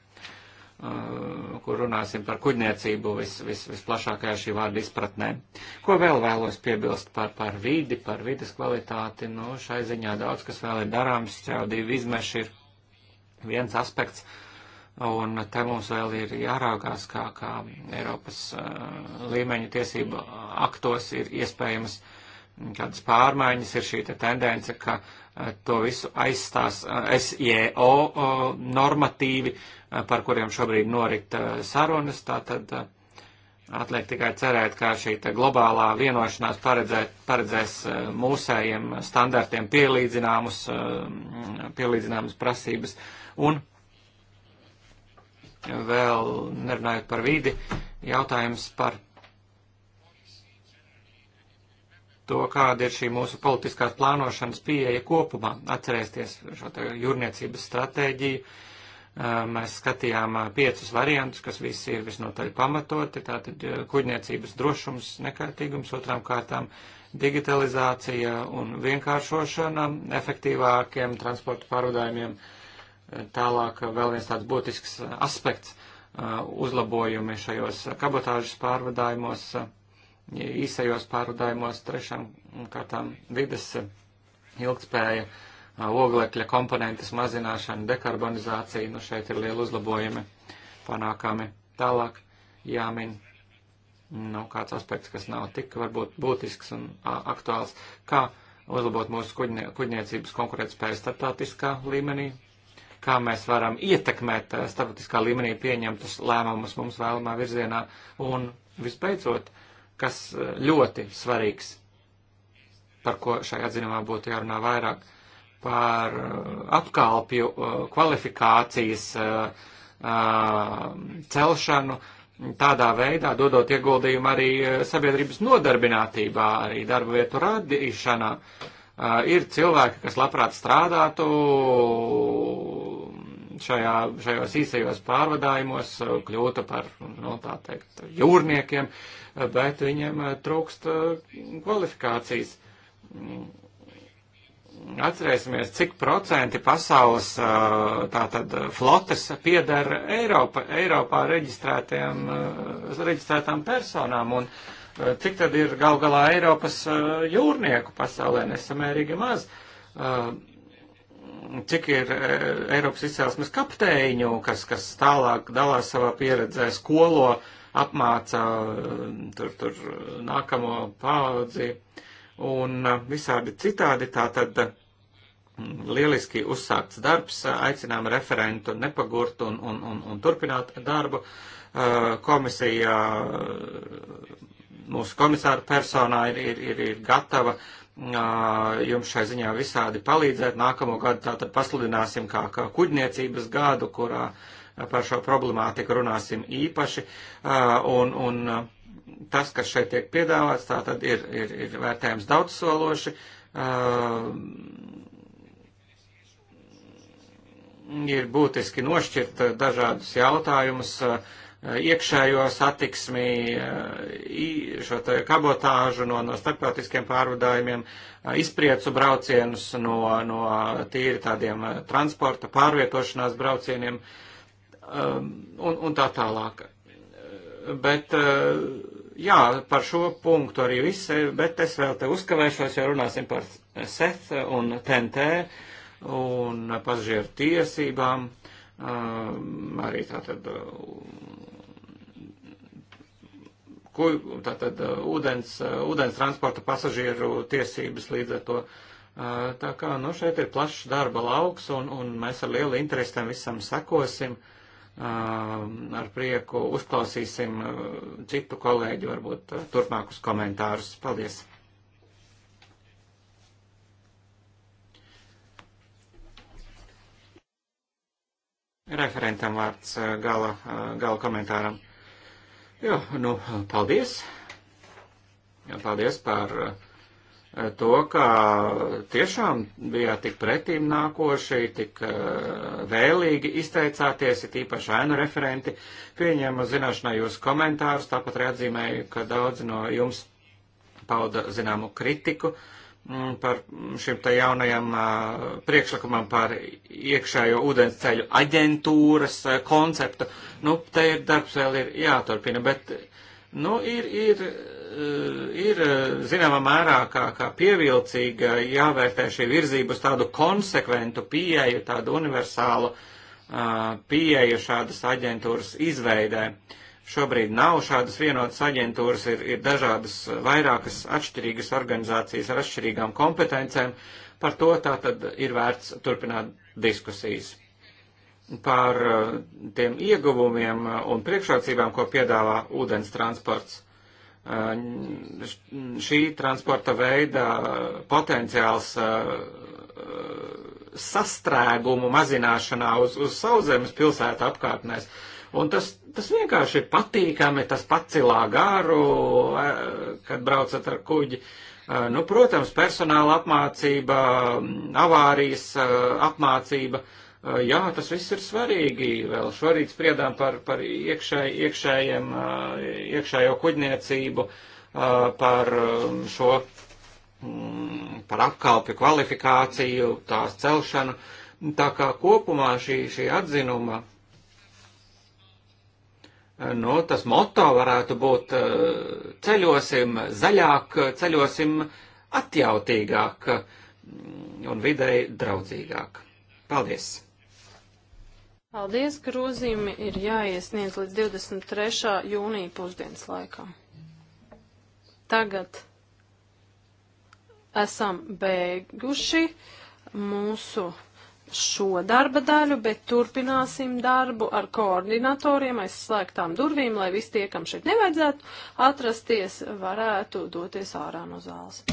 Speaker 4: Eh, kur runāsim par kuģniecību vis, vis, visplašākajā šī vārda izpratnē. Ko vēl vēlos piebilst par, par vidi, par vidas kvalitāti? Nu, šai ziņā daudz, kas vēl ir darāms, CO2 izmeši ir viens aspekts, un te mums vēl ir jāraugās, kā, kā Eiropas uh, līmeņa tiesība aktos ir iespējamas kādas pārmaiņas, ir šī te tendence, ka uh, Eh, to visu aizstās eh, SIEO eh, normatīvi, par kuriem šobrīd norit sarunas. Tātad atliek tikai cerēt, ka šī globālā vienošanās paredzē, paredzēs mūsējiem standartiem pielīdzināmus, pielīdzināmus prasības. Un vēl nerunājot par vīdi, jautājums par to, kāda ir šī mūsu politiskās plānošanas pieeja kopumā. Atcerēsties šo jūrniecības stratēģiju. Mēs skatījām piecus variantus, kas visi ir visnotaļ pamatoti. Tātad kuģniecības drošums, nekārtīgums, otrām kārtām digitalizācija un vienkāršošana efektīvākiem transporta pārvadājumiem. Tālāk vēl viens tāds būtisks aspekts uzlabojumi šajos kabotāžas pārvadājumos īsajos pārvadājumos, trešām kārtām vides ilgspēja, oglekļa komponentes mazināšana, dekarbonizācija, nu šeit ir liela uzlabojumi panākami. Tālāk jāmin nu, kāds aspekts, kas nav tik varbūt būtisks un aktuāls, kā uzlabot mūsu kuģnie, kuģniecības konkurētspēju starptautiskā līmenī, kā mēs varam ietekmēt starptautiskā līmenī pieņemtus lēmumus mums vēlamā virzienā un visbeidzot, uh, kas eh, ļoti svarīgs, par ko šajā atzinumā būtu jārunā vairāk, par eh, apkalpju eh, kvalifikācijas celšanu, tādā veidā dodot ieguldījumu arī sabiedrības nodarbinātībā, arī darba vietu radīšanā. Ir cilvēki, kas labprāt strādātu šajā, šajos īsajos pārvadājumos eh, kļūtu par, nu, tā teikt, jūrniekiem, eh, bet viņiem eh, trūkst kvalifikācijas. Mm. Atcerēsimies, cik procenti pasaules tātad flotes pieder Eiropa, Eiropā reģistrētām personām un cik tad ir gal galā Eiropas jūrnieku pasaulē nesamērīgi maz. Uh, cik ir e, Eiropas izcelsmes kapteiņu, kas, kas tālāk dalās savā pieredzē, skolo, apmāca e, tur, tur nākamo paudzi un e, visādi citādi. Tātad lieliski uzsākts darbs, aicinām referentu nepagurt un, un, un, un turpināt darbu. Komisija, mūsu komisāra personā ir, ir, ir, ir gatava uh, jums šai ziņā visādi palīdzēt. Nākamo gadu tātad pasludināsim kā, kā kuģniecības gadu, kurā par šo problemātiku runāsim īpaši. Un, un tas, kas šeit tiek piedāvāts, tātad ir, ir, ir vērtējums daudzsološi. Ir būtiski nošķirt dažādus jautājumus, uh, Eh, iekšējo satiksmi, eh, šo te kabotāžu no, no starptautiskiem pārvadājumiem, eh, izpriecu braucienus no, no tīri tādiem transporta pārvietošanās braucieniem un, un tā tālāk. Bet, jā, par šo punktu arī viss, bet es vēl te uzkavēšos, jo runāsim par SET un TNT un pasažieru tiesībām, arī tātad kuģu, tātad uh, ūdens, uh, ūdens transporta pasažieru tiesības līdz ar to. Uh, tā kā, nu, šeit ir plašs darba lauks, un, un mēs ar lielu interesi tam visam sekosim, ar prieku uzklausīsim citu kolēģu, varbūt turpmākus komentārus. Paldies! Referentam vārds gala, gala komentāram. Jā, nu, paldies. Jā, paldies par eh, to, ka tiešām bijāt tik pretīm nākoši, tik eh, vēlīgi izteicāties, ir īpaši ēnu referenti. Pieņēmu zināšanā jūsu komentārus, tāpat arī atzīmēju, ka daudzi no jums pauda zināmu kritiku mm, par šim te jaunajam eh, priekšlikumam par iekšējo ūdensceļu aģentūras konceptu. Uh, Nu, te ir darbs vēl ir jāturpina, bet, nu, ir, ir, eh, ir eh, zināmā mērā kā, kā pievilcīga jāvērtē šī virzība uz tādu konsekventu pieeju, tādu universālu uh, pieeju šādas aģentūras izveidē. Šobrīd nav šādas vienotas aģentūras, ir, ir dažādas vairākas atšķirīgas organizācijas ar atšķirīgām kompetencēm. Par to tā tad ir vērts turpināt diskusijas par eh, tiem ieguvumiem un priekšrocībām, ko piedāvā ūdens transports. Eh, šī transporta veida potenciāls eh, sastrēgumu mazināšanā uz, uz sauszemes pilsētu apkārtnēs. Un tas, tas vienkārši ir patīkami, tas pacilā garu, kad braucat ar kuģi. Nu, protams, personāla apmācība, mm, avārijas apmācība. Uh, Jā, tas viss ir svarīgi. Vēl šorīt spriedām par, par iekšēj, iekšējiem, iekšējo kuģniecību, par um, šo, mm, par apkalpju kvalifikāciju, tās celšanu. Tā kā kopumā šī, šī atzinuma, nu, tas moto varētu būt ceļosim zaļāk, ceļosim atjautīgāk un videi draudzīgāk. Paldies!
Speaker 2: Paldies, grozījumi ir jāiesniedz līdz 23. jūnija pusdienas laikam. Tagad esam beiguši mūsu šo darba daļu, bet turpināsim darbu ar koordinatoriem aizslēgtām durvīm, lai visi tie, kam šeit nevajadzētu atrasties, varētu doties ārā no zāles.